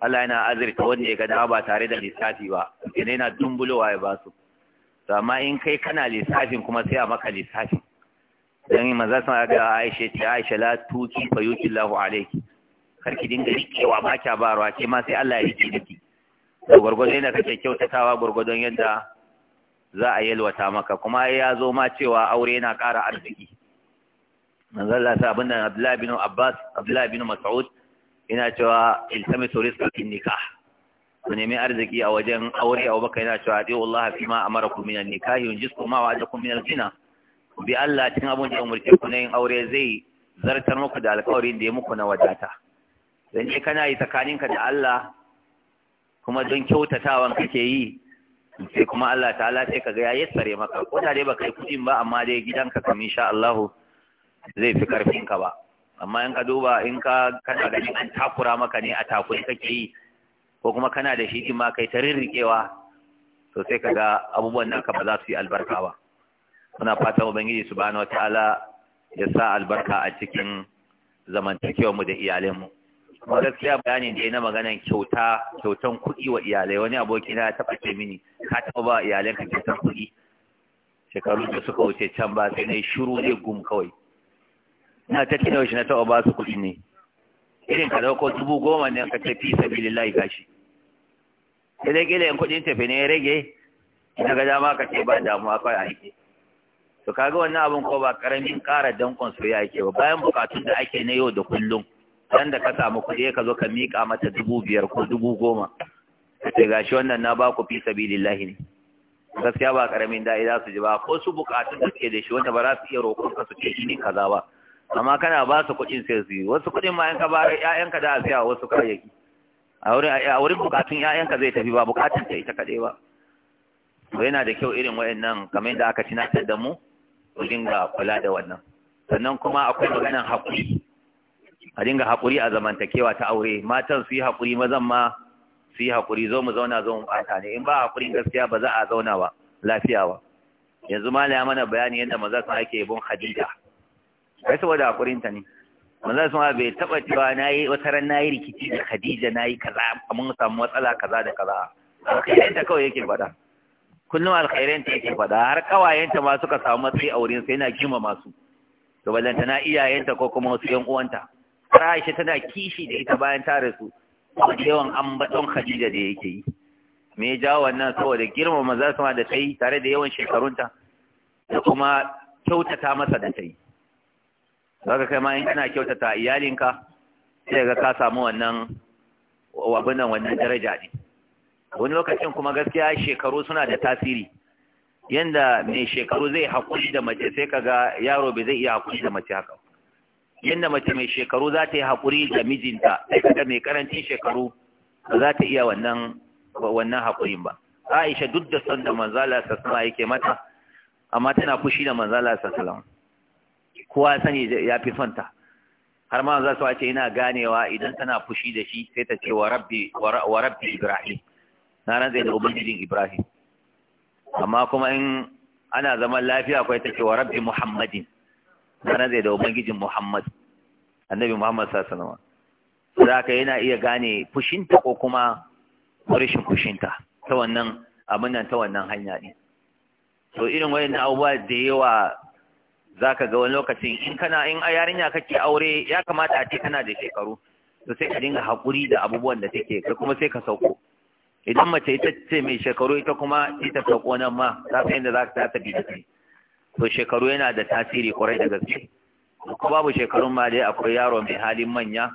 Allah yana azurta wanda ya gada ba tare da lissafi ba yana yana dumbulowa ya basu su amma in kai kana lissafin kuma sai a maka lissafin dan manzo sun ga Aisha ce Aisha la tuki fa yukillahu alayki karki dinga rikewa ba kya ruwa ke ma sai Allah ya rike miki to gurgurdon yana kake kyautatawa gurgurdon yadda za a yalwata maka kuma ya zo ma cewa aure yana ƙara arziki manzo Allah ta abinda Abdullahi bin Abbas Abdullahi bin Mas'ud ina cewa iltamisu rizqa fi nikah ku nemi arziki a wajen aure a baka yana cewa adiyu Allah fi ma amarakum min an-nikah yunjisukum ma wa'adakum min al-zina bi Allah cikin abun da umurce ku na yin aure zai zartar muku da alƙawarin da ya muku na wadata dan ce kana yi tsakaninka da Allah kuma don kyautatawan kake yi sai kuma Allah ta'ala sai kaga ya yassare maka ko da dai baka yi kudin ba amma dai gidanka kam insha Allahu? zai fi ƙarfinka ba amma in ka duba in ka kana ganin an takura maka ne a takuri kake yi ko kuma kana da shi ma kai ta rirriƙewa to sai ka ga abubuwan naka ba za su yi albarka ba muna fatan ubangiji subhanahu wataala ya sa albarka a cikin zamantakewar mu da mu kuma gaskiya bayanin da na maganan kyauta kyautan kuɗi wa iyalai wani aboki na taɓa ce mini ka taɓa ba ka kyautan kuɗi shekaru da suka wuce can ba sai na yi shiru ne gum kawai na ta ce shi na taɓa ba su kuɗi ne irin ka dauko dubu goma ne ka tafi fi sabilillahi gashi sai dai kila in kuɗin tafi ne ya rage ga dama ka ce ba damuwa kawai a rike to kaga wannan abin ko ba karamin ƙara dankon soyayya yake ba bayan bukatun da ake na yau da kullum dan da ka samu kuɗi ka zo ka miƙa mata dubu biyar ko dubu goma sai gashi wannan na ba ku fi sabilillahi ne gaskiya ba karamin da'i za su ji ba ko su bukatun da suke da shi wanda ba za su iya roƙon ka su ce shi kaza ba amma kana ba su kuɗin sai su yi wasu kuɗin ma in ka bayar ƴaƴanka da a siya wasu kayayyaki a wurin a wurin bukatun ƴaƴanka zai tafi ba bukatun ta ita kaɗai ba to yana da kyau irin wayannan kamar yadda aka tunatar da mu ku dinga kula da wannan sannan kuma akwai maganan haƙuri a dinga haƙuri a zamantakewa ta aure matan su yi haƙuri mazan ma su yi haƙuri zo mu zauna zo mu ɓata ne in ba haƙurin gaskiya ba za a zauna ba lafiya ba yanzu ma mana bayani yadda maza sun ake bin hadida kai saboda hakurin ta ne manzon sama bai taba cewa nayi wata ran nayi rikici da Khadija nayi kaza mun samu matsala kaza da kaza alkhairin ta kawai yake faɗa kullum alkhairin ta yake faɗa har kawayen ta ma suka samu matsayi a wurin sai na kima masu to ballanta na iyayenta ko kuma wasu yan uwanta har Aisha tana kishi da ita bayan ta rasu yawan ambaton Khadija da yake yi me ya jawo wannan saboda girmama za su ma da ta yi tare da yawan shekarunta da kuma kyautata masa da ta yi zaka kai ma in kana kyautata iyalinka sai ga ka samu wannan abin nan wannan daraja ne wani lokacin kuma gaskiya shekaru suna da tasiri yanda mai shekaru zai haƙuri da mace sai kaga yaro bai zai iya haƙuri da mace haka yanda mace mai shekaru za ta yi haƙuri da mijinta sai kaga mai karancin shekaru ba za ta iya wannan wannan haƙurin ba Aisha duk da son da manzala sallallahu yake mata amma tana fushi da manzala sallallahu kowa sani ya fi son ta har ma za su wace ina ganewa idan tana fushi da shi sai ta ce wa rabbi ibrahim na rantsa da ubangijin ibrahim amma kuma in ana zaman lafiya akwai ta ce wa rabbi muhammadin na rantsa da ubangijin muhammad annabi muhammad sallallahu alaihi wasallam zaka yana iya gane fushinta ko kuma rashin fushinta ta wannan abin nan ta wannan hanya ne to irin wayannan abubuwa da yawa za ka ga wani lokacin in kana in a yarinya kake aure ya kamata a ce kana da shekaru to sai ka dinga haƙuri da abubuwan da take kai kuma sai ka sauko idan mace ita ce mai shekaru ita kuma ita sauko nan ma za ta yadda za ta bi da to shekaru yana da tasiri kwarai da gaske ko babu shekarun ma dai akwai yaro mai halin manya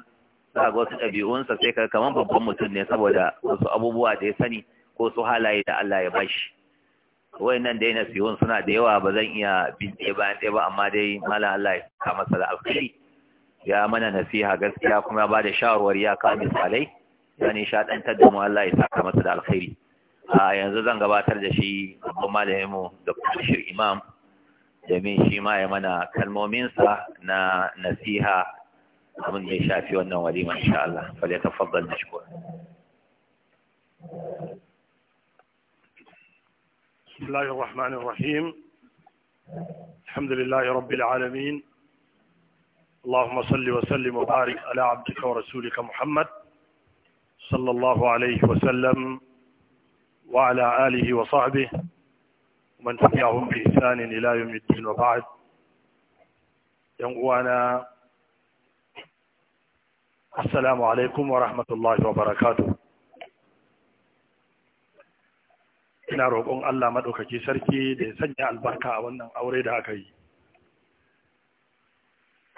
za ga wasu ɗabi'unsa sai ka kamar babban mutum ne saboda wasu abubuwa da ya sani ko su halaye da Allah ya bashi nan dai nasihun suna da yawa ba zan iya bin ɗaya ɗaya ba amma dai malam Allah ya kama masa da alkhairi ya mana nasiha gaskiya kuma ba da shawarwari ya kawo misalai ya nishaɗantar da mu Allah ya saka masa da alkhairi a yanzu zan gabatar da shi babban malamin mu Dr. Bashir Imam domin shi ma ya mana kalmominsa na nasiha abin da ya shafi wannan walima insha Allah. Fale tafaddal mashkur. بسم الله الرحمن الرحيم الحمد لله رب العالمين اللهم صل وسلم وبارك على عبدك ورسولك محمد صلى الله عليه وسلم وعلى آله وصحبه ومن تبعهم بإحسان إلى يوم الدين وبعد ينقوانا السلام عليكم ورحمة الله وبركاته ina roƙon Allah maɗaukaki sarki da ya sanya albarka a wannan aure da aka yi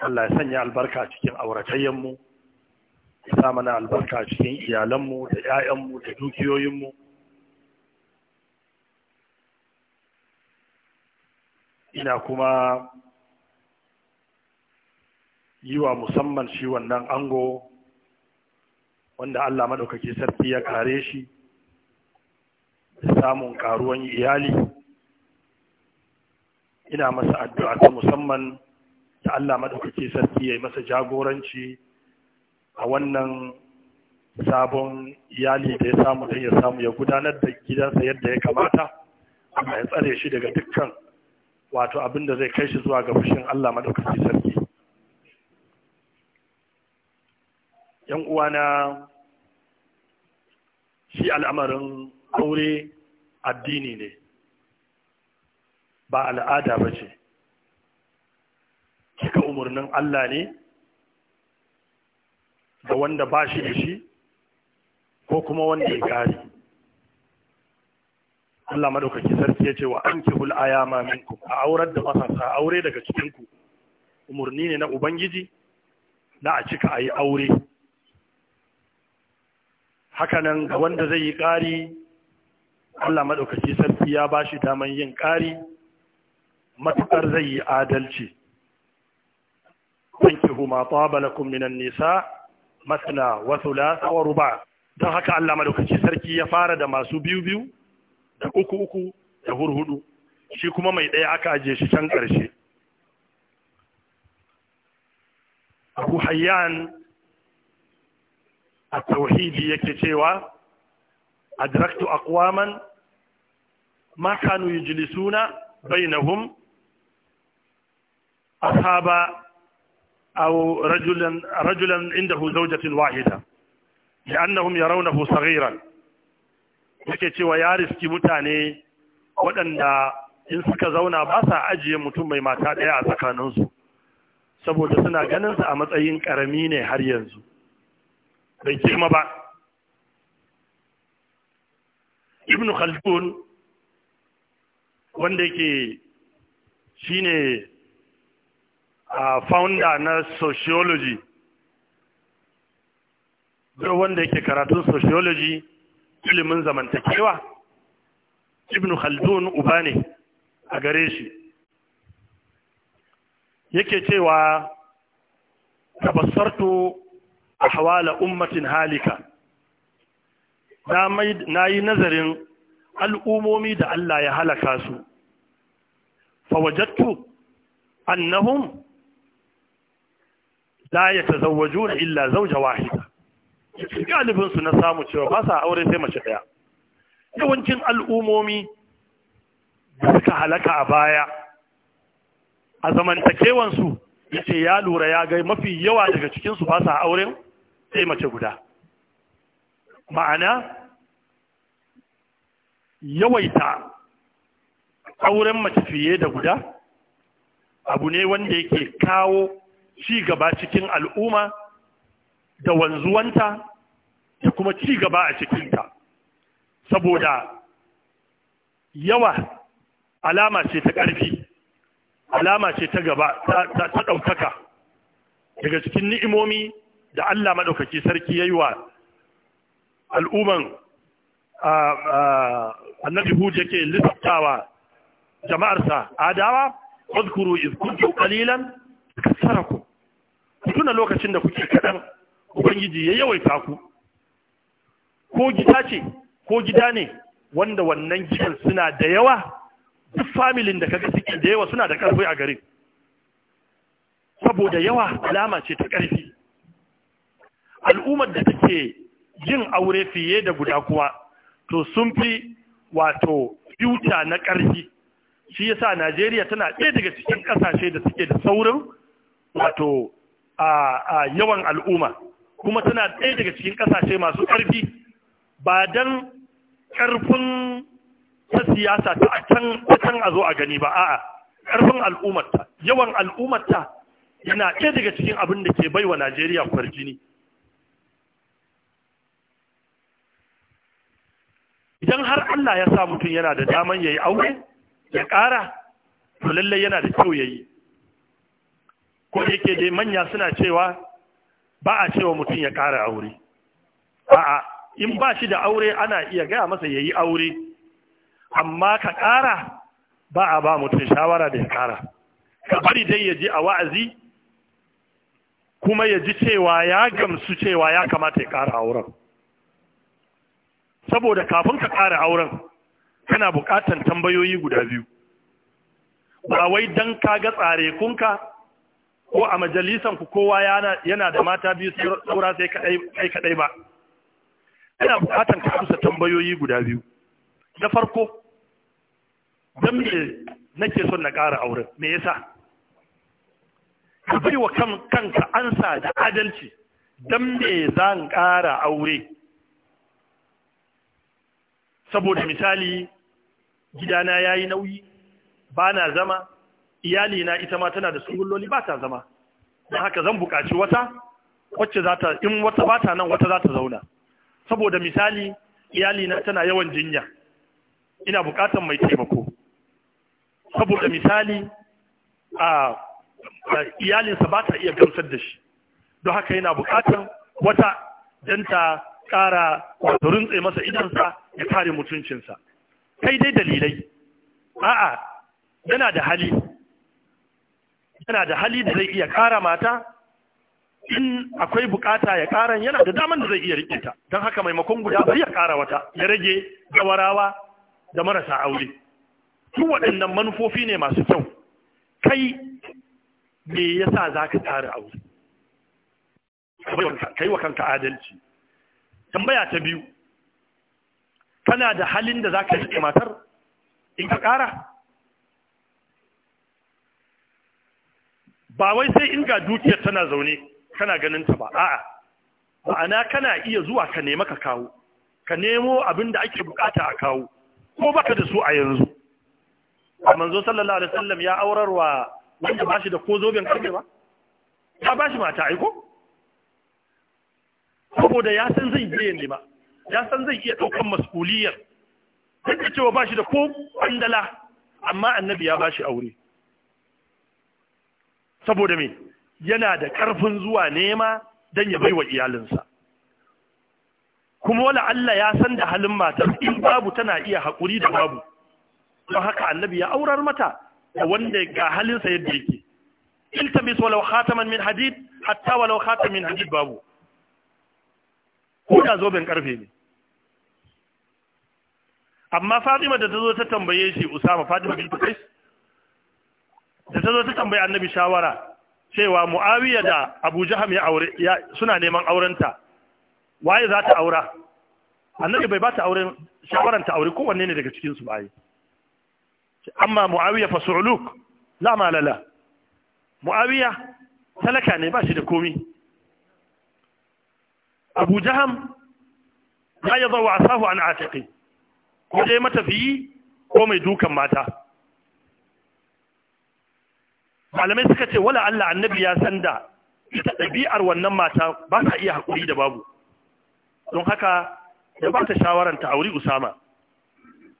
Allah ya sanya albarka cikin auratayyanmu ya sa mana albarka cikin iyalanmu da 'ya'yanmu da dukiyoyinmu ina kuma yi wa musamman shi wannan ango wanda Allah maɗaukaki sarki ya kare shi samun karuwan iyali ina masa addu'a ta musamman da Allah maɗaukaki sarki ya yi masa jagoranci a wannan sabon iyali da ya samu don ya samu ya gudanar da gidansa yadda ya kamata amma ya tsare shi daga dukkan wato abin da zai kai shi zuwa ga fushin Allah maɗaukaki sarki. ‘Yan uwana shi al'amarin aure addini ne ba al'ada ba ce Kika umarnin Allah ne da wanda ba shi da shi ko kuma wanda ya gari Allah maɗaukaki sarki ya ce wa an kihul ayama minku a aurar da matasa aure daga cikinku umarni ne na Ubangiji na a cika a aure hakanan ga wanda zai yi ƙari Allah maɗaukaci sarki ya ba shi daman yin ƙari matuƙar zai yi adalci. Wanki huma tawabalakum minan nisa matsala wasu thulatha ba. Don haka Allah maɗaukaci sarki ya fara da masu biyu biyu da uku uku da hurhudu. Shi kuma mai ɗaya aka aje shi can ƙarshe. Abu Hayyan a tauhidi yake cewa adraktu aqwaman ma kanu yajlisuna bainahum ashaba أو رجلا رجلا عنده زوجة واحدة لأنهم يرونه صغيرا yake cewa ya riski mutane waɗanda in suka zauna ba sa ajiye mutum mai mata ɗaya a tsakaninsu saboda suna ganinsa a matsayin ƙarami ne har yanzu bai girma ba ibn khaldun wanda yake shine a founder na sociology duk wanda yake karatun sociology ilimin zamantakewa ibn khaldun uba ne a gare shi yake cewa tabassartu ahwala ummatin halika na yi nazarin al'umomi da Allah ya halaka su fawajattu annahum la na illa zauja wahida galibin galibinsu na samu cewa ba sa aure sai mace ɗaya. yawancin al'umomi da suka halaka a baya a zamantakewansu yace ya lura ya ga mafi yawa daga cikinsu ba sa auren sai mace guda ma'ana yawaita auren mace fiye da guda abu ne wanda yake kawo ci gaba cikin al'umma da wanzuwanta da kuma ci gaba a cikinta saboda yawa alama ce ta ƙarfi alama ce ta gaba ta ɗaukaka daga cikin ni'imomi da Allah maɗaukaki sarki ya yi wa al'umman annabi hud yake lissawa jama'arsa adawa wadkuru iz kuntum qalilan tuna lokacin da kuke kadan ubangiji ya yawaita ku ko gida ce ko gida ne wanda wannan gidan suna da yawa duk familin da kaga suke da yawa suna da karfi a garin saboda yawa alama ce ta karfi al'ummar da take yin aure fiye da guda kuwa to sun fi wato fiuta na ƙarfi shi yasa Najeriya tana ɗaya daga cikin ƙasashe da suke da saurin wato a yawan al'umma kuma tana ɗaya daga cikin ƙasashe masu ƙarfi ba don ƙarfin ta siyasa ta can a zo a gani ba a'a ƙarfin al'ummarta yawan al'ummarta yana ɗaya daga cikin abin da ke baiwa Najeriya kwarjini idan har Allah ya sa mutum yana da daman ya yi aure ya ƙara to lallai yana da kyau ya yi. ko yake dai manya suna cewa ba a cewa mutum ya ƙara aure a'a in ba shi da aure ana iya gaya masa ya yi aure amma ka ƙara ba a ba mutum shawara da ya ƙara ka bari dai ya ji a wa'azi kuma ya ji cewa ya gamsu cewa ya kamata ya ƙara auren saboda kafin ka ƙara auren kana buƙatar tambayoyi guda biyu ba wai don ka ga tsare kunka ko a majalisan ku kowa yana da mata biyu saura sai kai kadai ba kana buƙatar ka amsa tambayoyi guda biyu na farko don me nake son na ƙara auren me yasa ka bai wa kanka ansa da adalci don me zan ƙara aure saboda misali gidana ya yi nauyi ba na zama iyalina ita ma tana da sungulloli ba ta zama don haka zan buƙaci wata wacce za ta in wata ba ta nan wata za ta zauna saboda misali iyalina tana yawan jinya ina buƙatar mai taimako saboda misali a iyalinsa ba ta iya gamsar da shi don haka yana buƙatar wata don ta ƙara wato rintse masa idansa ya kare mutuncinsa kai dai dalilai a'a yana da hali yana da hali da zai iya kara mata in akwai bukata ya karan yana da daman da zai iya rike ta don haka maimakon guda bari ya kara wata ya rage gawarawa da marasa aure su waɗannan manufofi ne masu kyau kai me yasa za ka tsara aure kai wa kanka adalci tambaya ta biyu kana da halin da za ka yi matar in ka ƙara ba wai sai in ga dukiyar tana zaune kana ganin ta ba a'a ma'ana kana iya zuwa ka nema ka kawo ka nemo abin da ake bukata a kawo ko baka da su a yanzu a manzo sallallahu alaihi wasallam ya aurarwa wanda bashi da ko zoben karbe ba ta bashi mata aiko saboda ya san zai iya yin ya san zai iya ɗaukan masuliyar duk da cewa ba shi da ko kwandala amma annabi ya ba shi aure saboda me yana da ƙarfin zuwa nema don ya baiwa iyalinsa kuma wala Allah ya san da halin matar in babu tana iya haƙuri da babu don haka annabi ya aurar mata da wanda ga halinsa yadda yake iltabis walau khataman min hadid hatta walau khataman min hadid babu ko da zoben karfe ne amma Fatima da ta zo ta tambaye shi Usama Fatima bin Qais da ta zo ta tambaye Annabi shawara cewa Muawiya da Abu Jaham ya aure suna neman aurenta waye za ta aura Annabi bai ba ta aure shawaran ta aure kowanne ne daga cikin su bai amma Muawiya fa su'luk la malala Muawiya talaka ne ba shi da komi abu jaham ya yi zawa asahu an atiqi ko dai matafiyi ko mai dukan mata malamai suka ce wala Allah annabi ya san da ita ɗabi'ar wannan mata ba ta iya haƙuri da babu don haka ya ba ta shawaran ta auri usama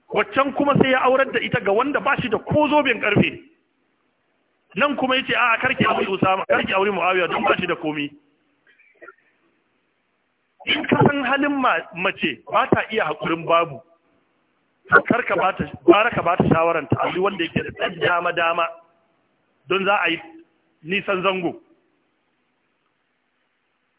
waccan kuma sai ya aurar da ita ga wanda ba shi da ko zoben ƙarfe nan kuma ya ce a'a karki auri usama karki auri mu'awiyar don ba shi da komi in ka san halin mace ba ta iya haƙurin babu karka ba ta baraka ba ta shawaran ta ali wanda yake da dama dama don za a yi nisan zango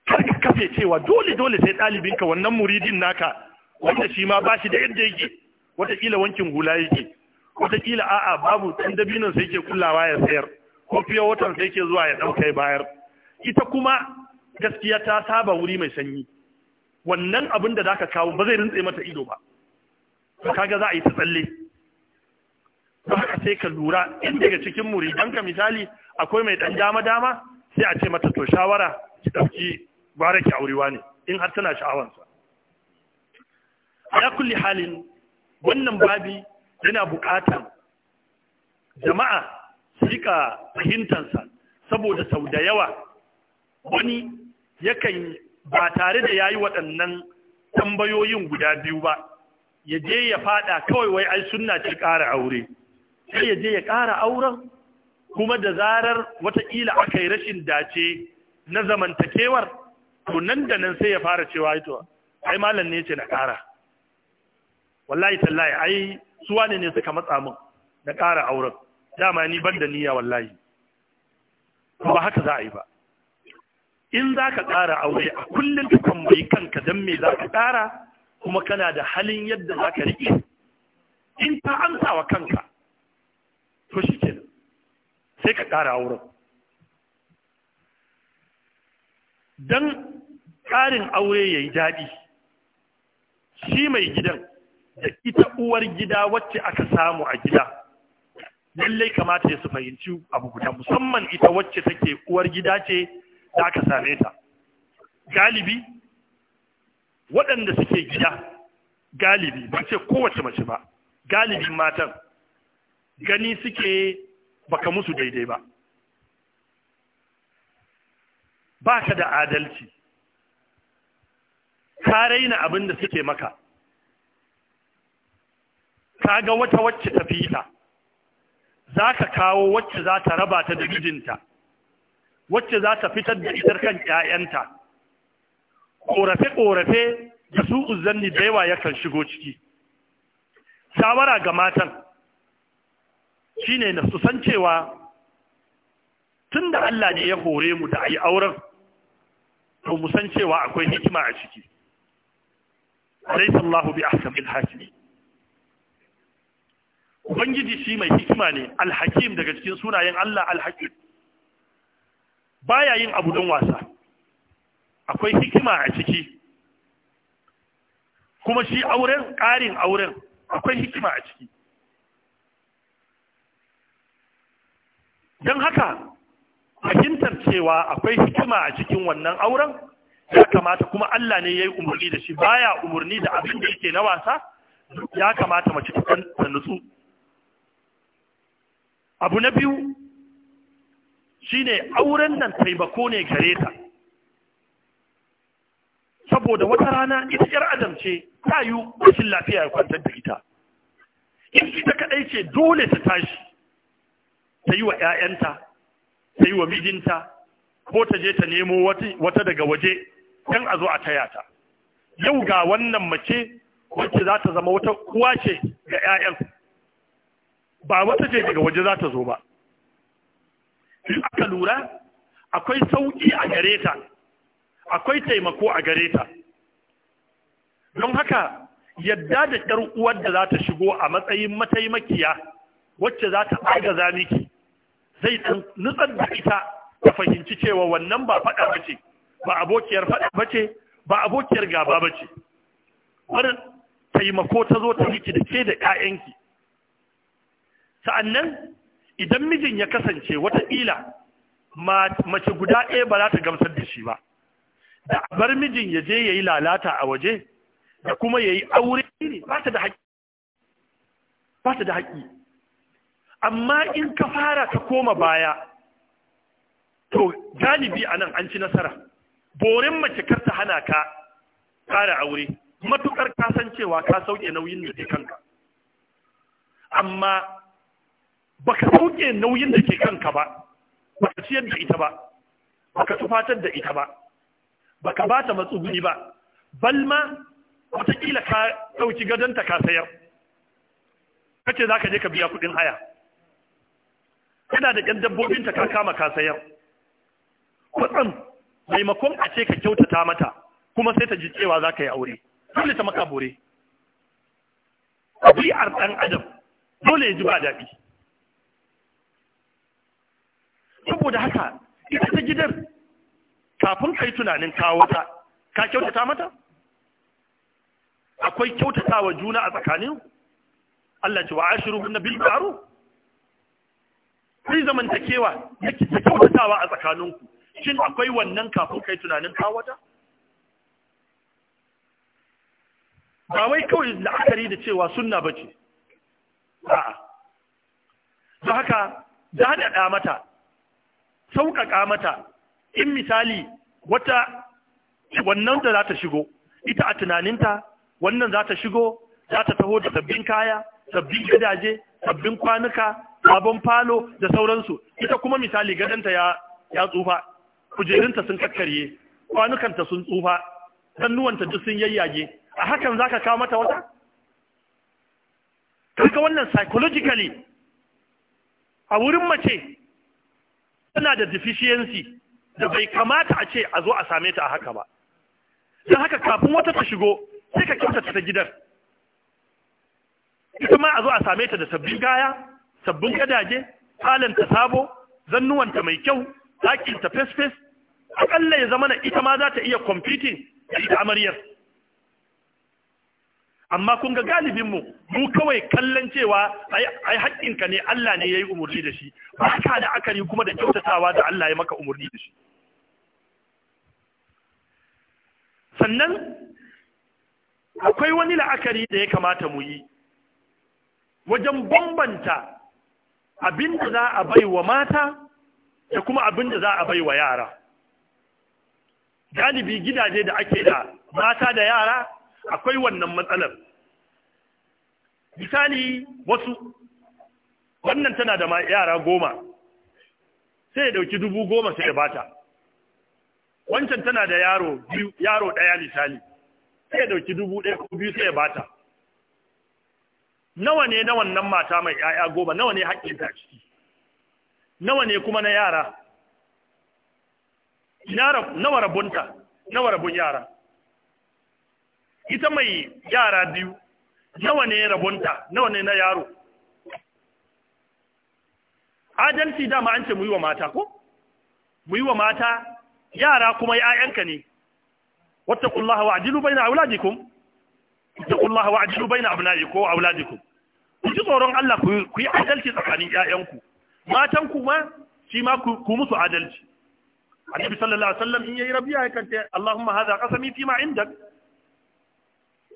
karka kafe cewa dole dole sai ɗalibinka wannan muridin naka wanda shi ma ba shi da yadda yake wataƙila wankin hula yake wataƙila a'a babu ɗan dabinon sai ke kullawa ya sayar ko fiye watan sai ke zuwa ya ɗauka bayar ita kuma gaskiya ta saba wuri mai sanyi wannan abin da za ka kawo ba zai rintse mata ido ba Ka kaga za a yi ta tsalle Ba haka sai ka lura in daga cikin muri. don ka misali akwai mai ɗan dama dama sai a ce mata to shawara ki ɗauki dauki ki aurewa ne in har tana sha'awansa Ya kulli halin wannan babi yana buƙatar jama'a su rika fahimtansa saboda sau da yawa wani yakan ba tare da ya yi waɗannan tambayoyin guda biyu ba ya je ya faɗa kawai wai ai sunna ce ƙara aure sai ya je ya ƙara auren kuma da zarar wataƙila aka yi rashin dace na zamantakewar to nan da nan sai ya fara cewa ai to ai malam ne ce na ƙara wallahi tallahi ai su wane ne suka matsa min na ƙara auren dama ni ban da niyya wallahi ba haka za a yi ba in za ka ƙara aure a kullum ka tambayi kanka don me za ka ƙara kuma kana da halin yadda za ka riƙe in ta amsa wa kanka to shi ke sai ka ƙara auren don ƙarin aure ya yi daɗi shi mai gidan da ita uwar gida wacce aka samu a gida lallai kamata ya su fahimci abu guda musamman ita wacce take uwar gida ce za ka same ta galibi waɗanda suke gida galibi ba ce kowace mace ba galibi matan gani suke baka musu daidai ba ba ka da adalci ka raina abin da suke maka ka ga wata wacce ta za ka kawo wacce za ta raba ta da mijinta wacce za ta fitar da itar kan ƴaƴanta ƙorafe-ƙorafe da su uzanni da yawa yakan shigo ciki shawara ga matan shine na su san cewa tun da Allah ne ya hore mu da ayi auren to mu san cewa akwai hikima a ciki alaysa Sallahu bi ahkamil ubangiji shi mai hikima ne Al-Hakim daga cikin sunayen Allah alhakim baya yin abu don wasa akwai hikima a ciki kuma shi auren ƙarin auren akwai hikima a ciki don haka fahimtar cewa akwai hikima a cikin wannan auren ya kamata kuma Allah ne ya yi umarni da shi baya umarni da abin da yake na wasa ya kamata mace ta nutsu abu na biyu shine auren nan taimako ne gare ta saboda wata rana ita yar adam ce ta yi rashin lafiya ya kwantar da ita in ita kaɗai ce dole ta tashi ta yi wa 'ya'yanta ta yi wa mijinta ko ta je ta nemo wata daga waje yan a zo a taya ta yau ga wannan mace wacce za ta zama wata uwa ce ga 'ya'yan ba wata ce daga waje za ta zo ba aka lura akwai sauƙi a gare ta akwai taimako a gare ta don haka yadda da ƴar uwar da za ta shigo a matsayin mataimakiya wacce za ta agaza miki zai nutsar da ita ta fahimci cewa wannan ba faɗa ba ce ba abokiyar faɗa ba ce ba abokiyar gaba ba ce taimako ta zo ta miki da ke da 'ya'yanki sa'annan idan mijin ya kasance wataƙila mace guda ɗaya ba za ta gamsar da shi ba da a bar mijin ya je ya yi lalata a waje da kuma ya yi aure ne ba ta da haƙƙi ba ta da haƙƙi amma in ka fara ka koma baya to galibi a nan an ci nasara borin mace kar ta hana ka ƙara aure matuƙar cewa ka sauke nauyin da ke kanka amma baka sauke nauyin da ke kanka ba baka ciyar da ita ba baka tufatar da ita ba baka ba ta matsuguni ba balma wataƙila ka ɗauki gadonta ka sayar kace za ka je ka biya kuɗin haya kana da ƴan dabbobinta ka kama ka sayar kwatsam maimakon a ce ka kyautata mata kuma sai ta ji cewa za ka yi aure dole ta maka bore ɗabi'ar ɗan adam dole ya ji ba daɗi saboda haka ita ta gidan kafin kai tunanin kawo wata, ka kyautata mata akwai kyautatawa juna a tsakanin Allah ce wa ashiru na bil zaman sai zamantakewa yake ta kyautatawa a tsakaninku shin akwai wannan kafin kai tunanin kawo wata? ba wai kawai la'akari da cewa sunna bace a'a don haka da haɗaɗa mata sauƙaƙa mata in misali wata wannan da za ta shigo ita a tunaninta wannan za ta shigo za ta taho da sabbin kaya sabbin gidaje sabbin kwanuka sabon falo da sauransu ita kuma misali gadanta ya ya tsufa kujerunta sun kakkarye kwanukanta sun tsufa sannuwanta duk sun yayyage a hakan zaka kawo mata wata kaga wannan psychologically a wurin mace tana da deficiency da bai kamata a ce a zo a same ta a haka ba don haka kafin wata ta shigo sai ka kyautata ta gidan ita ma a zo a same ta da sabbin kaya sabbin gadaje halanta sabo zannuwanta mai kyau ɗakinta fesfes akalla ya zama na ita ma za ta iya competing da ita amaryar amma kun ga galibin mu mu kawai kallon cewa ai ka ne Allah ne ya yi umarni da shi ba ka da akari kuma da kyautatawa da Allah ya maka umarni da shi sannan akwai wani la'akari da ya kamata mu yi wajen bambanta abin da za a bai wa mata da kuma abin da za a bai wa yara galibi gidaje da ake da mata da yara akwai wannan matsalar misali wasu wannan tana da yara goma sai ya dauki dubu goma sai ya bata wancan tana da yaro biyu yaro daya misali sai ya dauki dubu daya ko biyu sai ya bata nawa ne na wannan mata mai yaya goma nawa ne haƙƙinta a ciki nawa ne kuma na yara nawa rabunta nawa rabun yara ita mai yara biyu nawa ne rabonta nawa ne na yaro adalci dama an ce mu yi wa mata ko mu yi wa mata yara kuma ya'yanka ne wattaqullaha wa'dilu baina auladikum wattaqullaha wa'dilu baina abnaikum wa auladikum ku ji tsoron Allah ku yi adalci tsakanin ƴaƴanku matan ku ma shi ma ku musu adalci annabi sallallahu alaihi wasallam in yayi rabiya yakan ce Allahumma hadha qasami fi ma indak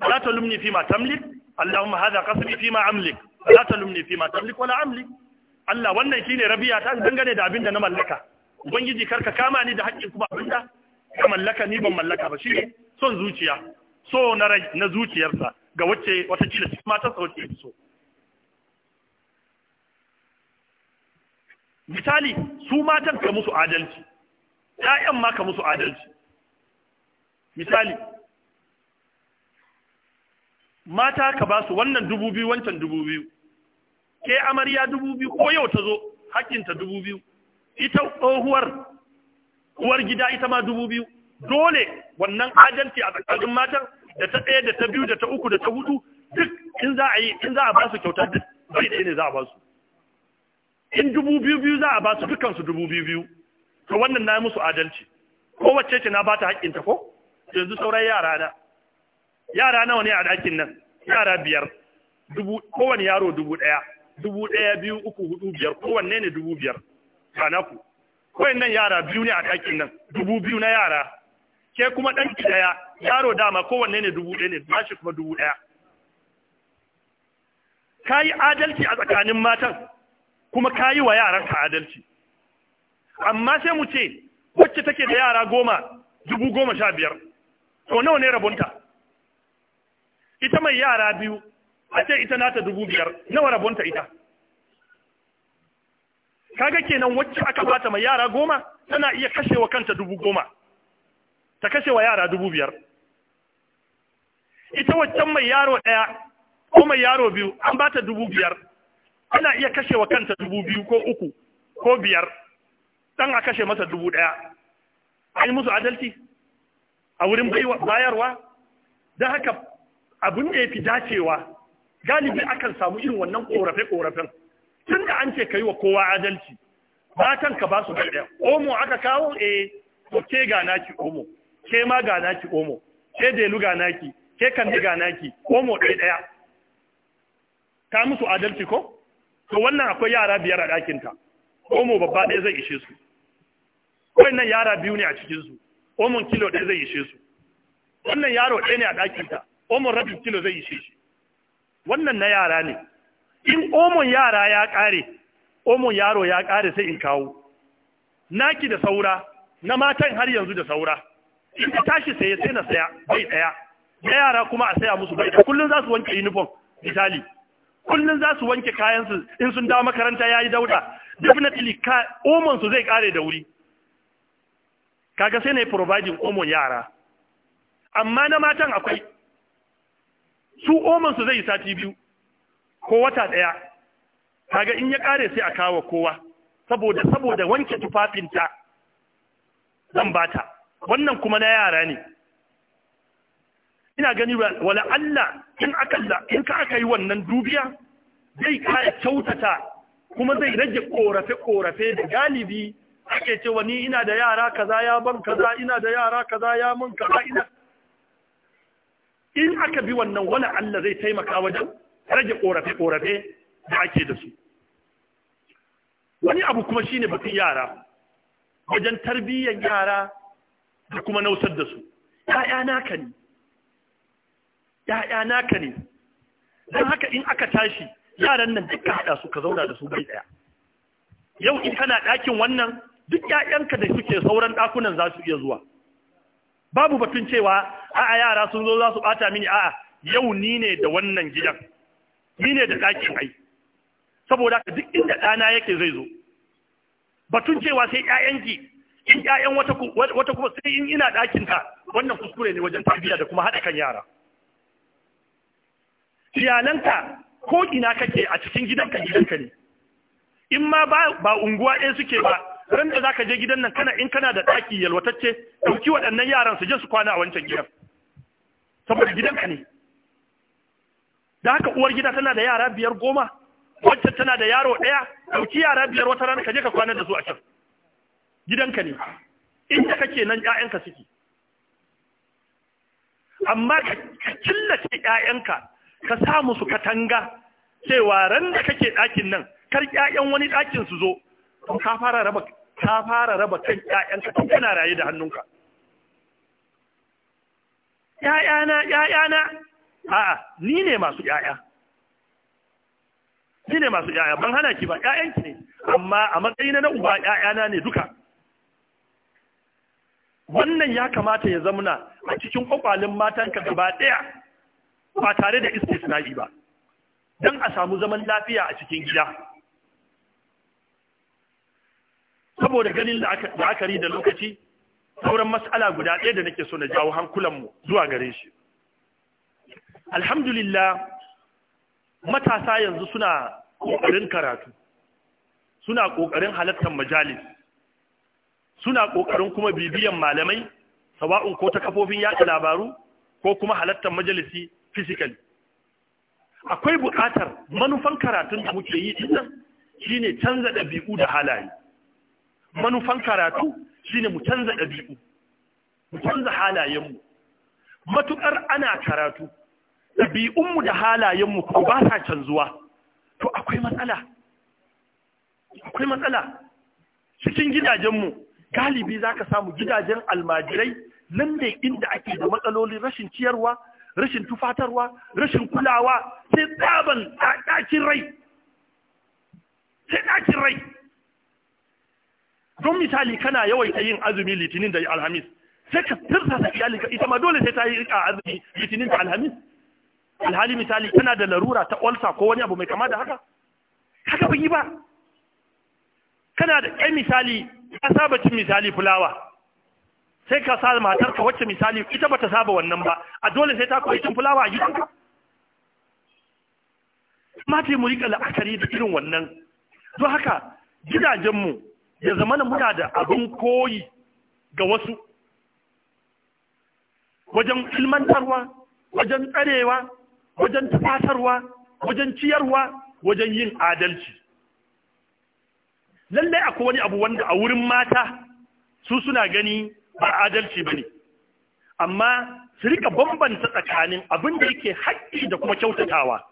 la talumni fi ma tamlik Allahumma hadha qasbi fi ma amlik la talumni fi ma tamlik wala amlik Allah wannan shine rabiya ta dangane da abinda na mallaka ubangiji karka kama ni da haƙƙin kuma ba abinda ka mallaka ni ban mallaka ba shine son zuciya so na na zuciyarsa ga wacce wata kila cikin mata sa wacce so misali su matan ka musu adalci ƴaƴan ma ka musu adalci misali mata ka ba su wannan dubu biyu wancan dubu biyu ke amarya dubu biyu ko yau ta zo hakinta dubu biyu ita tsohuwar uwar gida ita ma dubu biyu dole wannan adalci a tsakanin matan da ta ɗaya da ta biyu da ta uku da ta hudu duk in za a yi in za a ba su kyauta duk bai ɗaya ne za a ba su in dubu biyu biyu za a ba su dukansu dubu biyu biyu to wannan na musu adalci ko wacce ce na ba ta haƙƙinta ko yanzu sauran yara na yara nawa ne a ɗakin nan yara biyar dubu kowane yaro dubu ɗaya dubu ɗaya biyu uku hudu biyar kowanne ne dubu biyar kana ku nan yara biyu ne a ɗakin nan dubu biyu na yara ke kuma ki ɗaya yaro dama kowanne ne dubu ɗaya ne shi kuma dubu ɗaya ka yi adalci a tsakanin matan kuma ka yi wa yaran ka adalci amma sai mu ce wacce take da yara goma dubu goma sha biyar to nawa ne rabonta ita mai yara biyu a ce ita nata dubu biyar nawa rabonta ita kaga kenan wacce aka bata mai yara goma tana iya kashewa kanta dubu goma ta kashewa yara dubu biyar ita waccan mai yaro ɗaya ko mai yaro biyu an bata dubu biyar tana iya kashewa kanta dubu biyu ko uku ko biyar dan a kashe masa dubu ɗaya an yi musu adalci a wurin bayarwa don haka abin da ya fi dacewa galibi akan samu irin wannan korafe-korafen tun da an ce ka yi wa kowa adalci matan ka ba su ɗaya omo aka kawo e! to ke ga naki omo ke ma ga naki omo ke delu ga naki ke kande ga naki omo ɗaya ɗaya ta musu adalci ko to wannan akwai yara biyar a ɗakinta omo babba ɗaya zai ishe su wannan yara biyu ne a cikinsu omon kilo ɗaya zai ishe su wannan yaro ɗaya ne a ɗakinta omon rabin kilo zai ishe shi wannan na yara ne in omon yara ya ƙare omon yaro ya kare sai in kawo naki da saura na matan har yanzu da saura in ka tashi saye sai na saya bai ɗaya da yara kuma a saya musu bai kullum za su wanke uniform misali kullum za su wanke kayansu in sun dawo makaranta yayi yi dauda definitely ka omon su zai kare da wuri kaga sai na yi providing omon yara amma na matan akwai su omen su zai sati biyu ko wata daya kaga in ya kare sai a kawo kowa saboda saboda wanke tufafinta zan bata wannan kuma na yara ne ina gani wala Allah in in ka aka yi wannan dubiya zai ka kyautata kuma zai rage korafe korafe da galibi ake cewa ni ina da yara kaza ya ban kaza ina da yara kaza ya mun kaza ina in aka bi wannan wani Allah zai taimaka wajen rage ƙorafe-ƙorafe da ake da su wani abu kuma shi ne batun yara wajen tarbiyyar yara da kuma nausar da su ‘ya'ya naka ne ‘ya'ya naka ne don haka in aka tashi yaran nan duka haɗa su ka zauna da su bai ɗaya yau in kana ɗakin wannan duk ‘ya'yanka da suke sauran ɗakunan za su iya zuwa babu batun cewa a'a yara sun zo za su bata mini a'a yau ni ne da wannan gidan ni ne da ɗakin ai saboda ka duk inda ɗana yake zai zo batun cewa sai ƴaƴanki in ƴaƴan wata wata kuma sai in ina ɗakin ta wannan kuskure ne wajen tarbiyya da kuma haɗa kan yara iyalanka ko ina kake a cikin gidanka gidanka ne in ma ba unguwa ɗaya suke ba ran da zaka je gidan nan kana in kana da ɗaki yalwatacce ɗauki waɗannan yaran su je su kwana a wancan gidan saboda gidanka ne da haka uwar gida tana da yara biyar goma wacce tana da yaro ɗaya ɗauki yara biyar wata rana ka je ka kwana da su a can gidanka ne inda kake nan ƴaƴanka suke amma ka killace ƴaƴanka ka sa musu katanga cewa ran da kake ɗakin nan kar 'ya'yan wani ɗakin su zo ka fara raba ka fara raba kan ƴaƴanka kana raye da hannunka ‘ya'yana, ‘ya'yana, a'a, ni ne masu ‘ya'ya, ni ne masu ‘ya'ya, ban hana ki ba, ‘ya'yanki ne, amma a matsayi na uba ‘ya'yana ne duka. Wannan ya kamata ya zamuna a cikin ƙwaƙwalin matanka gaba ɗaya ba tare da iske istisna'i ba, don a samu zaman lafiya a cikin gida. Saboda ganin la'akari da lokaci, sauran mas'ala guda ɗaya da nake so na jawo hankulanmu zuwa gare shi alhamdulillah matasa yanzu suna ƙoƙarin karatu suna ƙoƙarin halartar majalis suna ƙoƙarin kuma bibiyan malamai sawa'un ko ta kafofin yaɗa labaru ko kuma halartar majalisi physically akwai buƙatar manufan karatun da muke yi ɗin shine canza ɗabi'u da halaye manufan karatu shine mu canza ɗabi'u mu canza halayenmu matuƙar ana karatu ɗabi'unmu da halayenmu ko ba sa canzuwa to akwai matsala akwai matsala cikin gidajenmu galibi za ka samu gidajen almajirai nan da inda ake da matsalolin rashin ciyarwa rashin tufatarwa rashin kulawa sai tsaban ɗakin rai sai ɗakin rai don misali kana yawaita yin azumi litinin da alhamis sai ka iyali ka ita ma dole sai ta yi rika azumi litinin da alhamis alhali misali kana da larura ta olsa ko wani abu mai kama da haka haka ba yi ba kana da kai misali ka saba cin misali fulawa sai ka sa ka wacce misali ita ba ta saba wannan ba a dole sai ta koyi cin fulawa a gidanka mata mu rika la'akari da irin wannan don haka gidajenmu ya zamana muna da abin koyi ga wasu wajen ilmantarwa wajen tsarewa wajen tufatarwa, wajen ciyarwa wajen yin adalci lallai akwai wani abu wanda a wurin mata su suna gani ba adalci ba ne amma su rika bambanta tsakanin abin da yake haƙƙi da kuma kyautatawa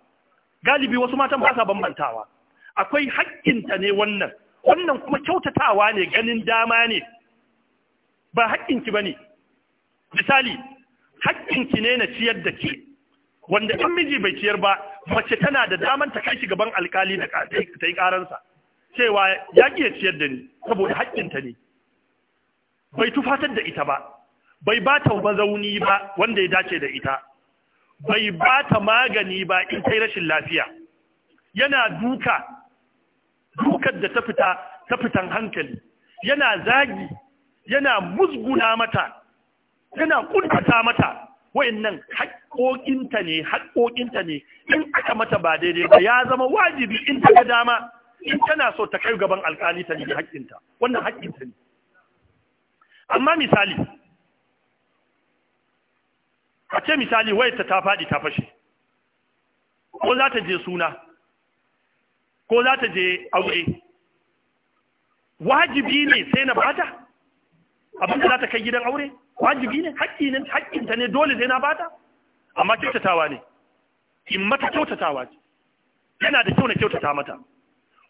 galibi wasu matan ba sa bambantawa akwai haƙƙinta ne wannan wannan kuma kyautatawa ne ganin dama ne ba haƙƙinki ba ne misali haƙƙinki ne na ciyar da ke wanda ɗan miji bai ciyar ba mace tana da daman ta kai shi gaban alkali da ta yi ƙaransa. cewa ya ƙi ya ciyar da ni saboda haƙƙinta ne bai tufatar da ita ba bai ba ta mazauni ba wanda ya dace da ita bai ba ta magani ba in ta yi rashin lafiya yana duka dukar da ta fita fitan hankali yana zagi yana musguna mata yana kuntata mata wayannan haƙoƙinta ne haƙoƙinta ne in aka mata ba daidai ba ya zama wajibi in ta dama in tana so ta kai gaban alƙali ta nemi haƙƙinta wannan haƙƙinta ne amma misali a ce misali ta ta faɗi ta fashe ko za ta je suna ko za ta je aure wajibi ne sai na bata abin da za ta kai gidan aure wajibi ne ne haƙƙinta ne dole sai na bata amma kyautatawa ne in mata kyautatawa ce yana da kyau na kyautata mata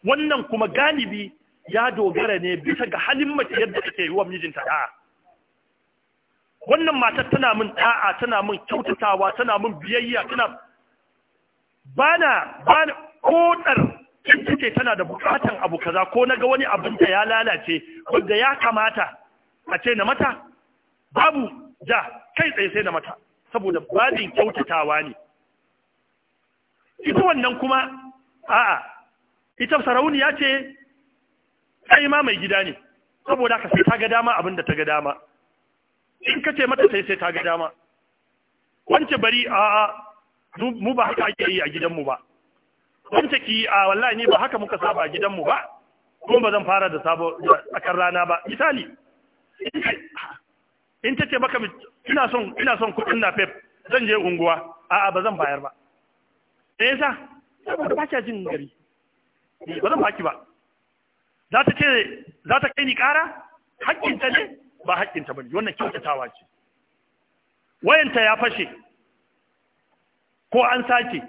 wannan kuma galibi ya dogara ne bisa ga halin mace yadda take yi wa mijinta da wannan matar tana min da'a tana min kyautatawa tana min biyayya tana bana bana kotar in kuke tana da bukatan abu kaza ko naga wani abin da ya lalace wanda ya kamata a ce na mata babu ja kai tsaye sai na mata saboda babin kyautatawa ne ita wannan kuma a'a ita sarauniya ce kai ma mai gida ne saboda ka sai ta ga dama abin da ta ga dama in ka ce mata sai sai ta ga dama wance bari a'a mu ba haka ake yi a gidanmu ba ban taki a wallahi ni ba haka muka saba a gidanmu ba kuma ba zan fara da sabo tsakar rana ba misali in ta ce maka ina son ina son kuɗin na pep zan je unguwa a'a ba zan bayar ba me yasa ba ka jin gari ba zan baki ba za ta ce za ta kai ni ƙara haƙƙinta ne ba haƙƙinta ba ne wannan kyautatawa ce wayanta ya fashe ko an sake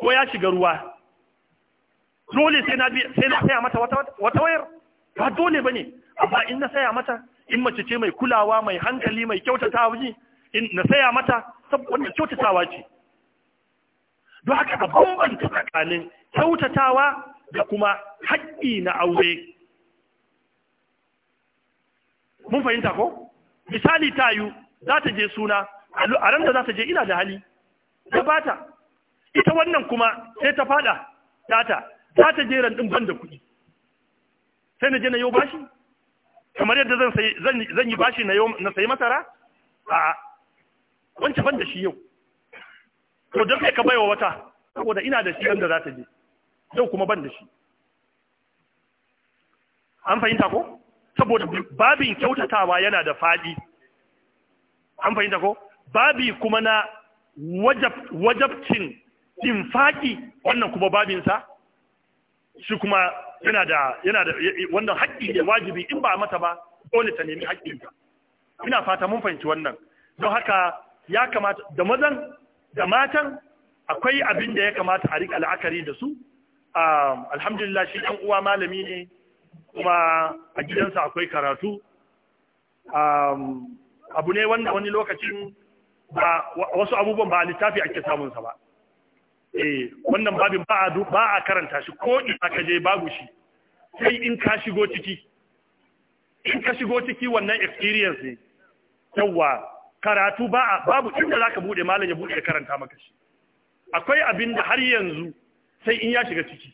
ko ya shiga ruwa dole sai na saya mata wata wayar ba dole bane amma in na saya mata in mace ce mai kulawa mai hankali mai kyautatawa ji in na saya mata saboda kyautatawa ce don haka a bambanta tsakanin kyautatawa da kuma haƙƙi na aure mun fahimta ko misali ta tayu za ta je suna a ran da za ta je ina da hali ta bata ita wannan kuma sai ta fada data ta ta jeran din ban da kuɗi sai na je na yau bashi kamar yadda zan sai zan yi bashi na yau na sai masara a wance ban da shi yau to dan kai ka baiwa wata saboda ina da shi wanda za ta je yau kuma ban da shi an fahimta ko saboda babin kyautatawa yana da faɗi an fahimta ko babi kuma na wajabcin infaki wannan kuma babinsa shi kuma yana da yana da wannan haƙƙi ne wajibi in ba a mata ba dole ta nemi haƙƙinta ina fata mun fahimci wannan don haka ya kamata da mazan da matan akwai abin da ya kamata a riƙa la'akari da su alhamdulillah shi ɗan uwa malami ne kuma a gidansa akwai karatu abu ne wani lokacin ba wasu abubuwan ba a littafi ake samunsa ba eh wannan babin ba a karanta shi ko in aka je babu shi sai in ka shigo ciki in ka shigo ciki wannan experience ne yawa karatu ba babu inda zaka bude malam ya bude karanta maka shi akwai abin da har yanzu sai in ya shiga ciki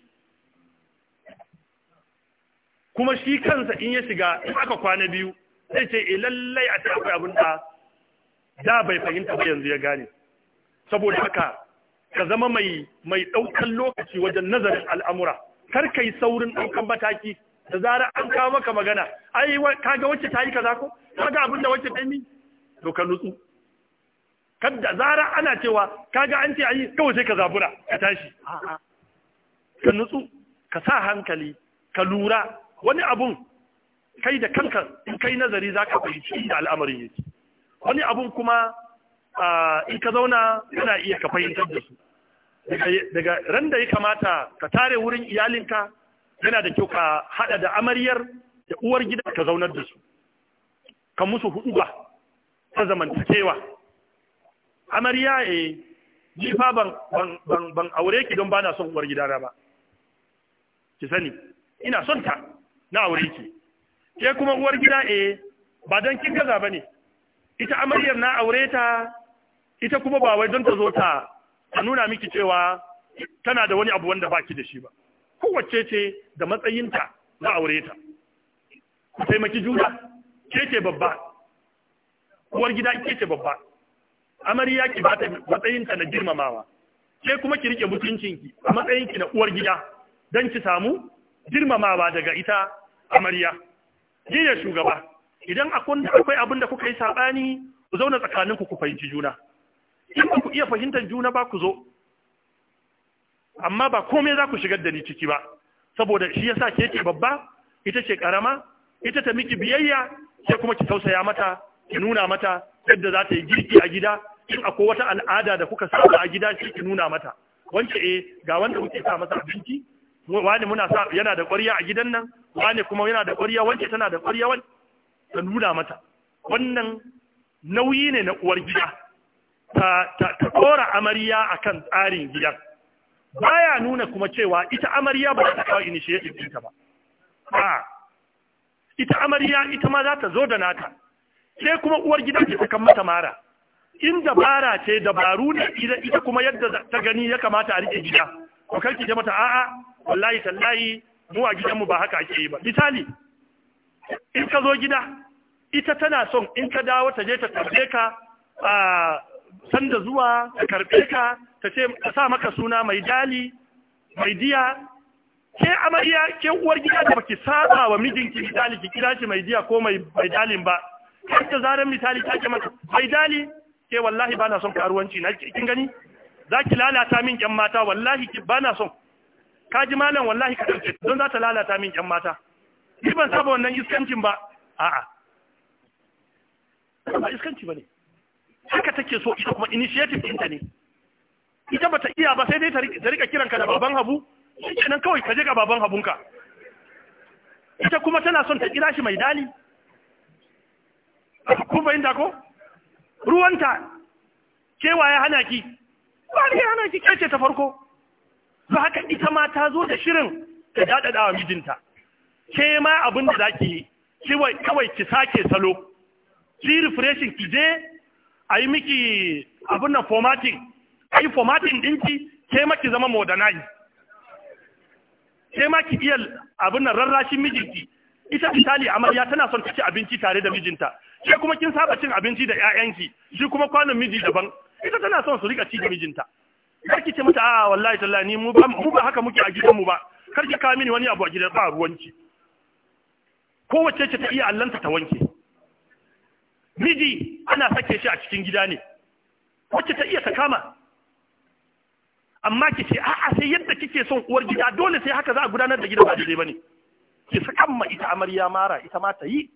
kuma shi kansa in ya shiga in aka kwana biyu sai ce eh lallai a akwai abin da da bai fahimta ba yanzu ya gane saboda haka ka zama mai ɗaukan lokaci wajen nazarin al'amura kar ka yi saurin ɗaukan mataki da zarar an kawo maka magana ai kaga wacce ta yi kaza ko kaga abin da wacce ta yi to ka nutsu kada zara ana cewa kaga an ce ayi kawai sai ka zabura ka tashi ka nutsu ka sa hankali ka lura wani abun kai da kanka in kai nazari za ka fahimci da al'amarin yake wani abun kuma in ka zauna suna iya ka fahimtar da su daga ran da ya kamata ka tare wurin iyalinka yana da kyau ka hada da amaryar da uwar gida ka zaunar da su ka musu hudu ba ta zamantakewa amarya e ni fa ban ban ban aure ki don bana son uwar gida ba ki sani ina son ta na aure ki ke kuma uwar gida e ba don kin gaza bane ita amaryar na aure ta ita kuma ba wai don ta zo ta a nuna miki cewa tana da wani abu wanda baki da shi ba kowace ce da matsayinta na aure ta ku taimaki juna ke ce babba uwar gida ke ce babba amarya ki ba ta matsayinta na girmamawa ke kuma ki rike mutuncinki a matsayinki na uwar gida don ki samu girmamawa daga ita amarya ni ne shugaba idan akwai abin da kuka yi saɓani ku zauna tsakaninku ku fahimci juna in ku iya fahimtar juna ba ku zo amma ba komai za ku shigar da ni ciki ba saboda shi yasa ke ce babba ita ce karama ita ta miki biyayya sai kuma ki tausaya mata ki nuna mata yadda za ta yi girki a gida in akwai wata al'ada da kuka saba a gida shi ki nuna mata wance eh ga wanda kuke sa masa abinci wani muna sa yana da ƙwarya a gidan nan wani kuma yana da ƙwarya wance tana da ƙwarya wani ta nuna mata wannan nauyi ne na uwar gida ta ɗora amarya a kan tsarin gidan baya nuna kuma cewa ita amarya ba ta kawo initiative ɗinta ba a ita amarya ita ma za ta zo da nata sai kuma uwar gidan ta kan mata mara in dabara ce dabaru ne ita kuma yadda ta gani ya kamata a rike gida to karki ce mata a'a wallahi tallahi mu a gidanmu ba haka ake yi ba misali in ka zo gida ita tana son in ka dawo ta je ta tabbe ka ah, sanda zuwa ta karfe ka ta ce ka sa maka suna mai dali mai diya ke amariya ke uwar gida da baki saba wa mijinki dali, ki kira shi mai diya ko mai mai dalin ba har ta zaran misali ta ce maka mai dali ke wallahi bana son karuwanci na kin gani zaki lalata min yan mata wallahi ki bana son kaji malam wallahi ka dauke don za ta lalata min yan mata ni ban saba wannan iskancin ba a'a ba iskanci bane haka take so ita kuma initiative ɗinta ne ita bata iya ba sai dai ta rika kiranka da baban habu shi nan kawai ka je ga baban habunka ita kuma tana son ta kira shi mai dali kun fahimta ko ruwanta kewa ya hana ki ba hana ki kyace ta farko ba haka ita ma ta zo da shirin ta daɗaɗa wa mijinta ke ma abin da za ki yi kawai ki sake salo ki refreshin ki je a yi miki abin nan formatting a yi formatting ɗinki ke maki zama modernize ke maki iya abin nan rarrashin mijinki ita misali amarya tana son ta ci abinci tare da mijinta ke kuma kin saba cin abinci da 'ya'yanki shi kuma kwanan miji daban ita tana son su rika ci da mijinta karki ce mata a wallahi tallahi ni mu ba mu haka muke a gidan mu ba karki kawo mini wani abu a gidan ba ruwanki kowace ce ta iya allanta ta wanke miji ana sake shi a cikin gida ne wacce ta iya ta kama amma ki ce a'a sai yadda kike son uwar gida dole sai haka za a gudanar da gida ba daidai ne. ki sakan ma ita amarya mara ita ma ta yi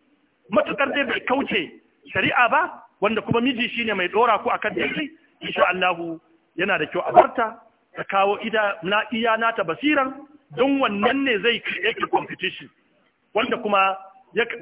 matukar dai bai kauce shari'a ba wanda kuma miji shine mai dora ku akan daidai sha Allahu! yana da kyau a barta ta kawo ida na iya nata basiran don wannan ne zai kai create competition wanda kuma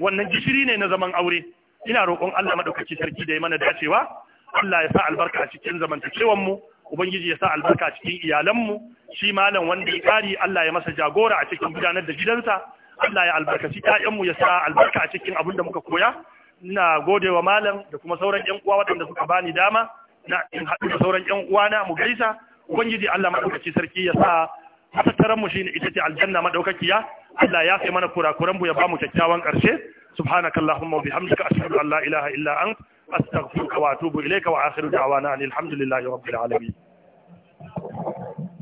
wannan gishiri ne na zaman aure ina roƙon Allah madaukaki sarki da ya mana dacewa Allah ya sa albarka a cikin zamantakewar mu ubangiji ya sa albarka a cikin iyalan mu shi malam wanda ya kari Allah ya masa jagora a cikin gudanar da gidansa Allah ya albarkaci ƴaƴan mu ya sa albarka a cikin abin da muka koya ina godewa malam da kuma sauran ƴan uwa waɗanda suka bani dama na in haɗu da sauran ƴan uwana mu gaisa ubangiji Allah madaukaki sarki ya sa matattaran shi ne ita ce aljanna maɗaukakiya. Allah ya sai mana kurakuranmu ya ba mu kyakkyawan ƙarshe. subhanakallahumma wa bihamdika ashhadu an la ilaha illa ant astaghfiruka wa atubu ilayka wa akhiru da'wana alhamdulillahi rabbil alamin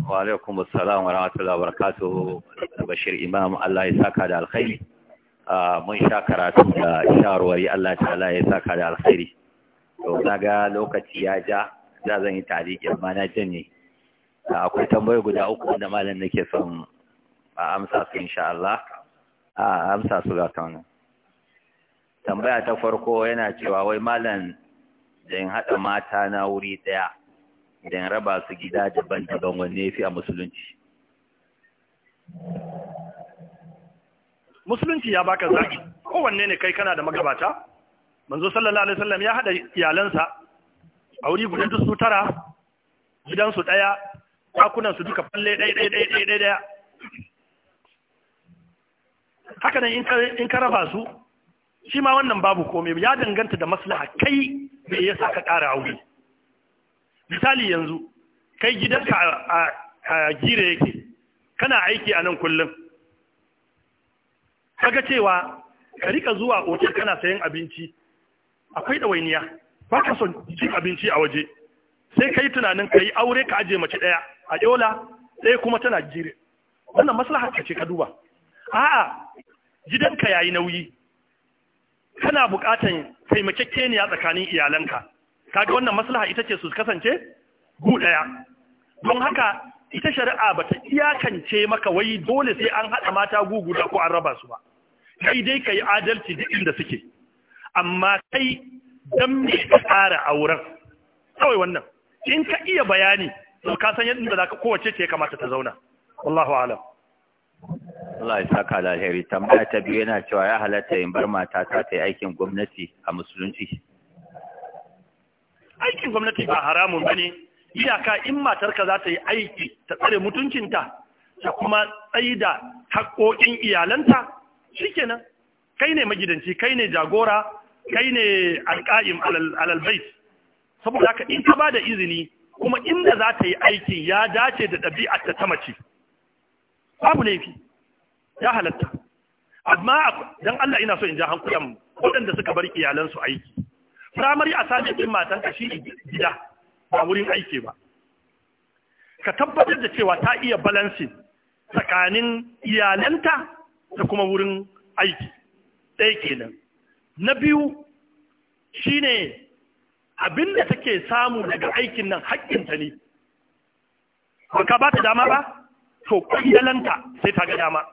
wa alaikum assalam wa rahmatullahi wa barakatuh bashir imam Allah ya saka da alkhairi ah, mun sha karatu da shawarwari Allah ta'ala ya saka da alkhairi to naga lokaci ya ja da zan yi tarihi amma na janye akwai tambayar guda uku da malam nake son a amsa su insha Allah a amsa su ga kan tambaya ta farko yana cewa wai malam da in haɗa mata na wuri ɗaya da in raba su gida daban-daban wanne fi a musulunci musulunci ya baka zaki kowanne ne kai kana da magabata manzo sallallahu alaihi wasallam ya haɗa iyalansa a wuri guda duk su tara gidansu ɗaya ɗakunan su duka falle ɗai ɗai ɗai ɗaya haka nan in ka raba su shi ma wannan babu komai ya danganta da maslaha kai me sa ka ƙara aure misali yanzu kai gidanka a gire yake kana aiki a nan kullum kaga cewa ka rika zuwa otel kana sayan abinci akwai ɗawainiya ba ka son cin abinci a waje sai ka yi tunanin ka yi aure ka aje mace ɗaya a yola ɗaya kuma tana jire wannan maslaha ka ce ka duba a'a gidanka yayi nauyi kana buƙatan taimakekeniya tsakanin iyalanka kaga wannan maslaha ita ce su kasance guɗaya. don haka ita shari'a ba ta iyakance maka wai dole sai an haɗa mata gugu da ko an raba su ba kai dai ka yi adalci duk inda suke amma kai don me ka ƙara auren kawai wannan in ka iya bayani to ka san yadda za ka kowace ce kamata ta zauna wallahu alam Allah ya saka da alheri tambaya ta biyu yana cewa ya halatta yin bar mata ta ta aikin gwamnati a musulunci aikin gwamnati ba haramun bane iyaka in matarka za ta yi aiki ta tsare mutuncinta ta kuma tsaida haƙoƙin iyalanta shikenan kai ne magidanci kai ne jagora kai ne alƙa'im alalbait saboda haka in ka ba da izini kuma inda za ta yi aikin ya dace da ɗabi'arta ta mace babu laifi ya halatta amma dan Allah ina so in ja hankulan waɗanda suka bar iyalansu aiki firamari a sami ɗin ka shi gida ba wurin aiki ba ka tabbatar da cewa ta iya balansi tsakanin iyalanta da kuma wurin aiki ɗaya kenan na biyu shi ne. Abin da take samu daga aikin nan haƙƙinta ne baka ba ta dama ba to ƙwandalanta sai ta ga dama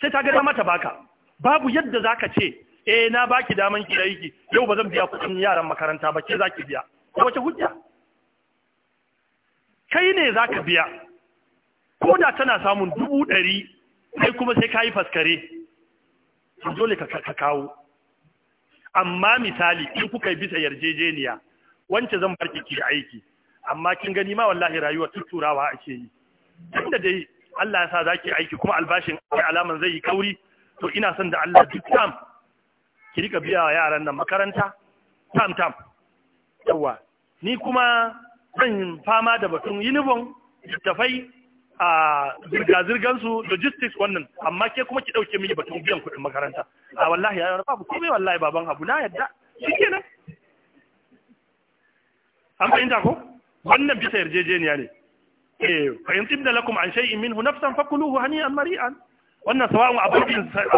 sai ta ga dama ta baka babu yadda za ka ce e na baki daman ki aiki yau ba zan biya kusan yaran makaranta ba ke za ki biya ko wace hujja kai ne za ka biya ko da tana samun dubu ɗari sai kuma sai ka yi faskare dole ka kawo amma misali in kuka yi bisa yarjejeniya wance zan bar ki da aiki amma kin gani ma wallahi rayuwa tutturawa ake yi tunda dai Allah ya sa zaki aiki kuma albashin akwai alaman zai yi kauri to ina son da Allah duk tam ki rika biya wa yaran nan makaranta tam tam yawa ni kuma zan fama da batun uniform tafai a zirga-zirgansu logistics wannan amma ke kuma ki dauke mini batun biyan kuɗin makaranta a wallahi ya rafa ku komai wallahi baban abu na yadda shi ke nan an fahimta ko wannan bisa yarjejeniya ne eh fahimtim da lakum an shay'in minhu nafsan fakuluhu hani'an mari'an wannan sawa'un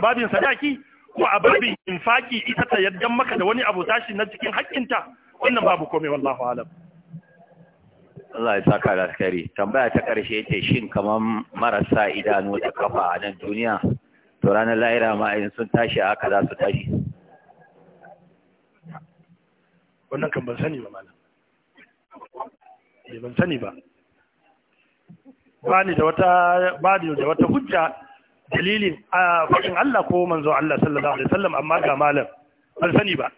ababin sadaki ko ababin infaki ita ta yaddan maka da wani abu tashi na cikin haƙƙinta wannan babu komai wallahi alam Allah ya saka da alkhairi tambaya ta karshe ce shin kamar marasa idanu da kafa a nan duniya to ranar lahira ma in sun tashi aka za su tashi wannan kan ban sani ba malam eh, ban sani ba bani da wata bani da wata hujja dalilin a ah, faɗin Allah ko manzo Allah sallallahu alaihi wasallam amma ga malam ban sani ba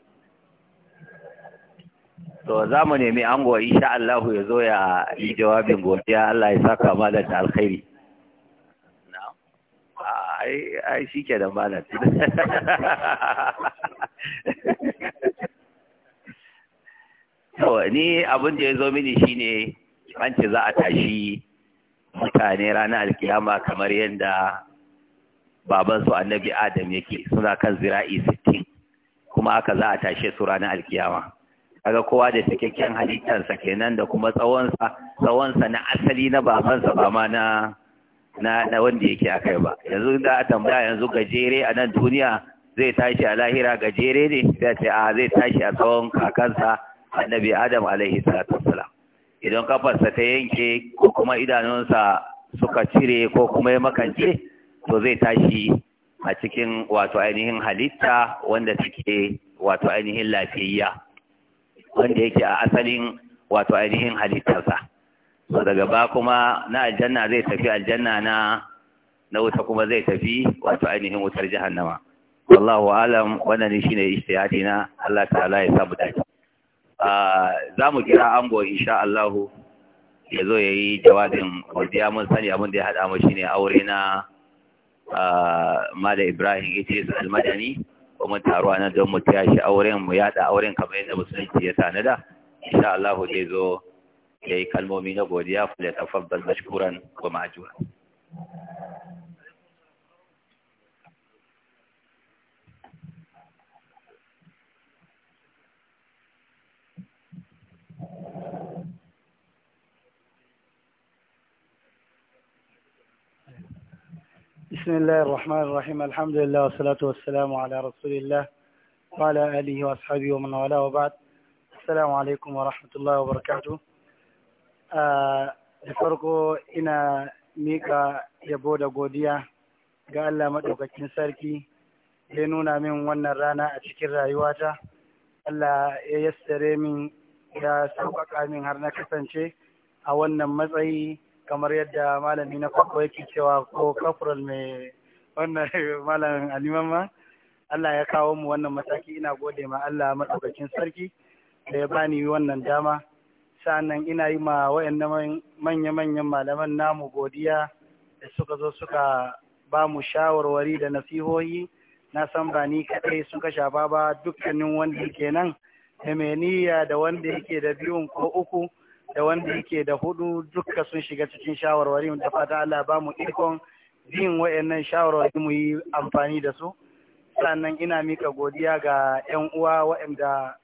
to za mu nemi ango insha Allah ya zo ya yi jawabin godiya Allah ya saka malam da alkhairi ai ai shike da malam to ni abin da ya zo mini shine an ce za a tashi mutane ranar alkiyama kamar yadda su annabi adam yake suna kan zira'i 60 kuma aka za a tashe su ranar alkiyama kaga kowa da cikakken halittarsa kenan da kuma tsawonsa tsawonsa na asali na babansa ba ma na na na wanda yake kai ba yanzu da a tambaya yanzu gajere a nan duniya zai tashi a lahira gajere ne da ce a zai tashi a tsawon kakansa annabi adam alaihi salatu wasalam idan kafarsa ta yanke ko kuma idanunsa suka cire ko kuma ya makance to zai tashi a cikin wato ainihin halitta wanda take wato ainihin lafiyayya wanda yake a asalin wato ainihin halittarsa so daga ba kuma na aljanna zai tafi aljanna na na wuta kuma zai tafi wato ainihin wutar jahannama wallahu alam wannan shine ijtihadi na Allah ta'ala ya samu dace ah zamu kira ango insha Allah ya zo yayi jawabin godiya mun sani abin da ya hada mu shine aure na ah Mala Ibrahim Idris Al-Madani kuma taruwa na don mu shi auren mu yada auren kamar yadda musulunci ya tanada insha Allah zai zo yayi kalmomi na godiya fa la tafaddal mashkuran wa ma'jura بسم الله الرحمن الرحيم الحمد لله والصلاة والسلام على رسول الله وعلى آله وأصحابه ومن والاه وبعد السلام alaikum wa rahmatullahi wa ah, da farko ina mika yabo da godiya ga Allah maɗaukakin sarki da ya nuna min wannan rana a cikin rayuwata Allah ya ya sauƙaƙa min har na kasance a wannan matsayi kamar yadda malami na farko yake cewa ko kafural mai wannan (laughs) malamin aliman ma Allah ya kawo mu wannan mataki ina gode ma Allah madaukakin sarki da ya bani wannan dama sannan ina yi ma wayannan manya-manyan malaman namu godiya da suka zo suka ba mu shawarwari da nasihohi na san ba ni kaɗai suka shafa ba dukkanin wanda ke nan da da wanda yake da biyun ko uku da wanda yake da hudu duka sun shiga cikin shawarwari da fata Allah ba mu ikon yin wayannan shawarwari mu yi amfani da su sannan ina mika godiya ga yan uwa waɗanda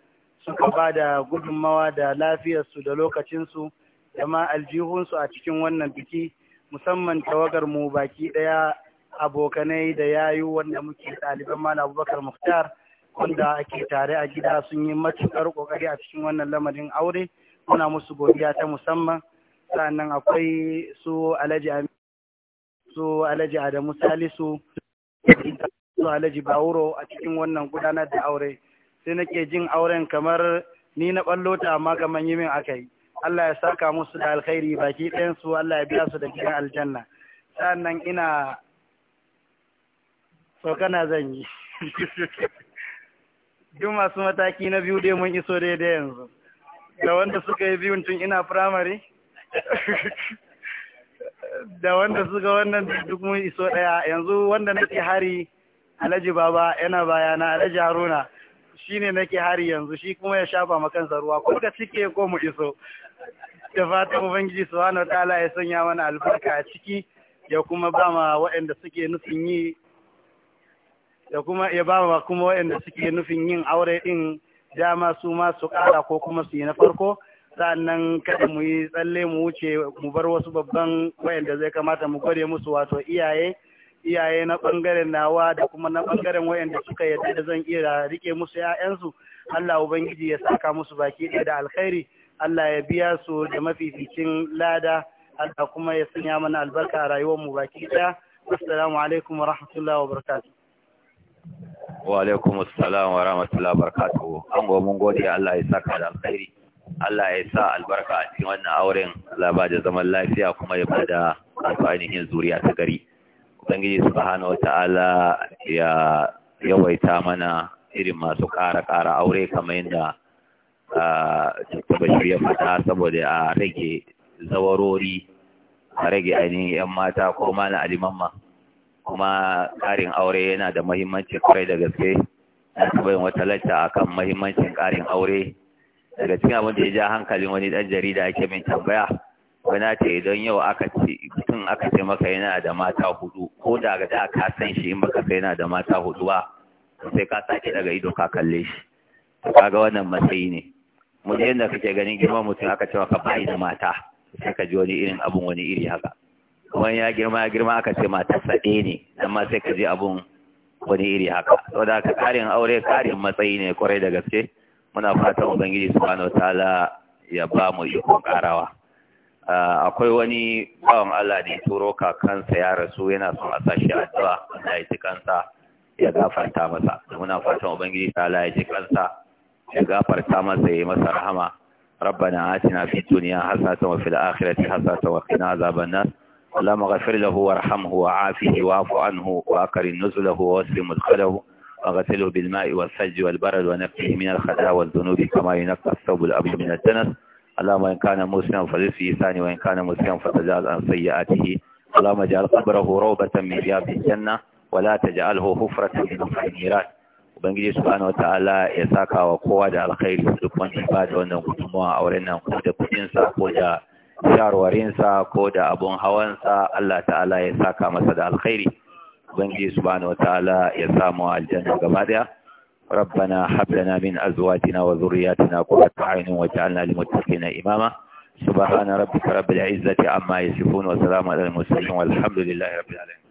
suka ba da gudunmawa da lafiyarsu da lokacinsu da ma aljihunsu a cikin wannan biki musamman tawagar mu baki ɗaya, abokanai da yayu wanda muke ɗaliban malam abubakar muhtar wanda ake tare a gida sun yi matuƙar ƙoƙari a cikin wannan lamarin aure muna musu godiya ta musamman sannan akwai su alhaji su alhaji adamu salisu su alhaji bawuro a cikin wannan gudanar da aure sai nake jin auren kamar ni na ballo ta amma kamar yi min aka yi Allah ya saka musu da alkhairi baki ɗayan su Allah ya biya su da gidan aljanna sannan ina tsokana zan yi (laughs) duk masu mataki na biyu dai mun iso daidai yanzu da wanda suka yi biyun tun ina firamare da wanda suka wannan duk mun iso daya yanzu wanda nake hari alhaji baba yana bayana alhaji haruna shine nake hari yanzu shi kuma ya shafa ma kansa ruwa ko cike ko mu iso da fatan ubangiji subhanahu wataala ya sanya mana albarka a ciki ya kuma ba ma waɗanda suke nufin yi ya kuma ya ba ma kuma waɗanda suke nufin yin aure din dama su ma su ƙara ko kuma su yi na farko sannan kada mu yi tsalle mu wuce mu bar wasu babban wayanda zai kamata mu gwade musu wato iyaye iyaye na bangaren nawa da kuma na bangaren wayanda suka yadda da zan iya rike musu 'ya'yansu Allah ubangiji ya saka musu baki ɗaya da alkhairi Allah ya biya su da mafificin lada Allah kuma ya sanya mana albarka a rayuwar mu baki ɗaya assalamu alaikum wa rahmatullahi wa barakatuh wa alaikum assalam wa rahmatullahi barakatuhu an go mun gode Allah ya saka da alkhairi Allah ya sa albarka a cikin wannan auren labarin zaman lafiya kuma ya bada alfanihin zuriya ta gari ubangiji subhanahu wataala ya yawaita mana irin masu ƙara ƙara aure kamar yadda cikin Bashir ya fata saboda a rage zawarori a rage ainihin 'yan mata ko mana aliman ma kuma ƙarin aure yana da mahimmancin kwarai da gaske na taɓa wata lacca akan mahimmancin ƙarin aure daga cikin abin da ya ja hankalin wani ɗan jarida ake min tambaya wani ce idan yau aka ce mutum aka ce maka yana da mata hudu ko da ga da ka san shi in baka sai yana da mata hudu ba sai ka sake daga ido ka kalle shi kaga wannan matsayi ne mu je yadda kake ganin girman mutum aka ce maka bai da mata sai ka ji wani irin abun wani iri haka wani ya girma ya girma aka ce mata saɗe ne amma sai ka ji abun wani iri haka saboda haka karin aure karin matsayi ne kwarai da gaske muna fatan ubangiji subhanahu wataala ya ba mu ikon karawa akwai wani bawan Allah da ya turo kansa ya rasu yana son a sashi addu'a Allah ya ji kansa ya gafarta masa muna fatan ubangiji ta'ala ya ji kansa ya gafarta masa ya yi masa rahama ربنا آتنا في الدنيا حسنة وفي الآخرة حسنة وقنا عذاب النار اللهم اغفر له وارحمه وعافه واعف عنه واكرم نزله ووسل مدخله واغسله بالماء والثلج والبرد ونقيه من الخطايا والذنوب كما ينقى الثوب الابيض من الدنس اللهم ان كان مسلما فليس ثاني وان كان مسلما فتجاوز عن سيئاته اللهم اجعل قبره روضة من رياض الجنة ولا تجعله حفرة من حفر النيران ubangiji subhanahu wataala ya saka wa kowa da alkhairi duk wanda ba da wannan gudunmawa a wurin nan ko da kudin sa ko da shawarwarinsa ko da abun hawansa Allah ta'ala ya saka masa da alkhairi ubangiji subhanahu wataala ya samu aljanna gaba daya ربنا هب لنا من ازواجنا وذرياتنا قرة اعين واجعلنا للمتقين اماما سبحان ربك رب العزة عما يصفون وسلام على المرسلين والحمد لله رب العالمين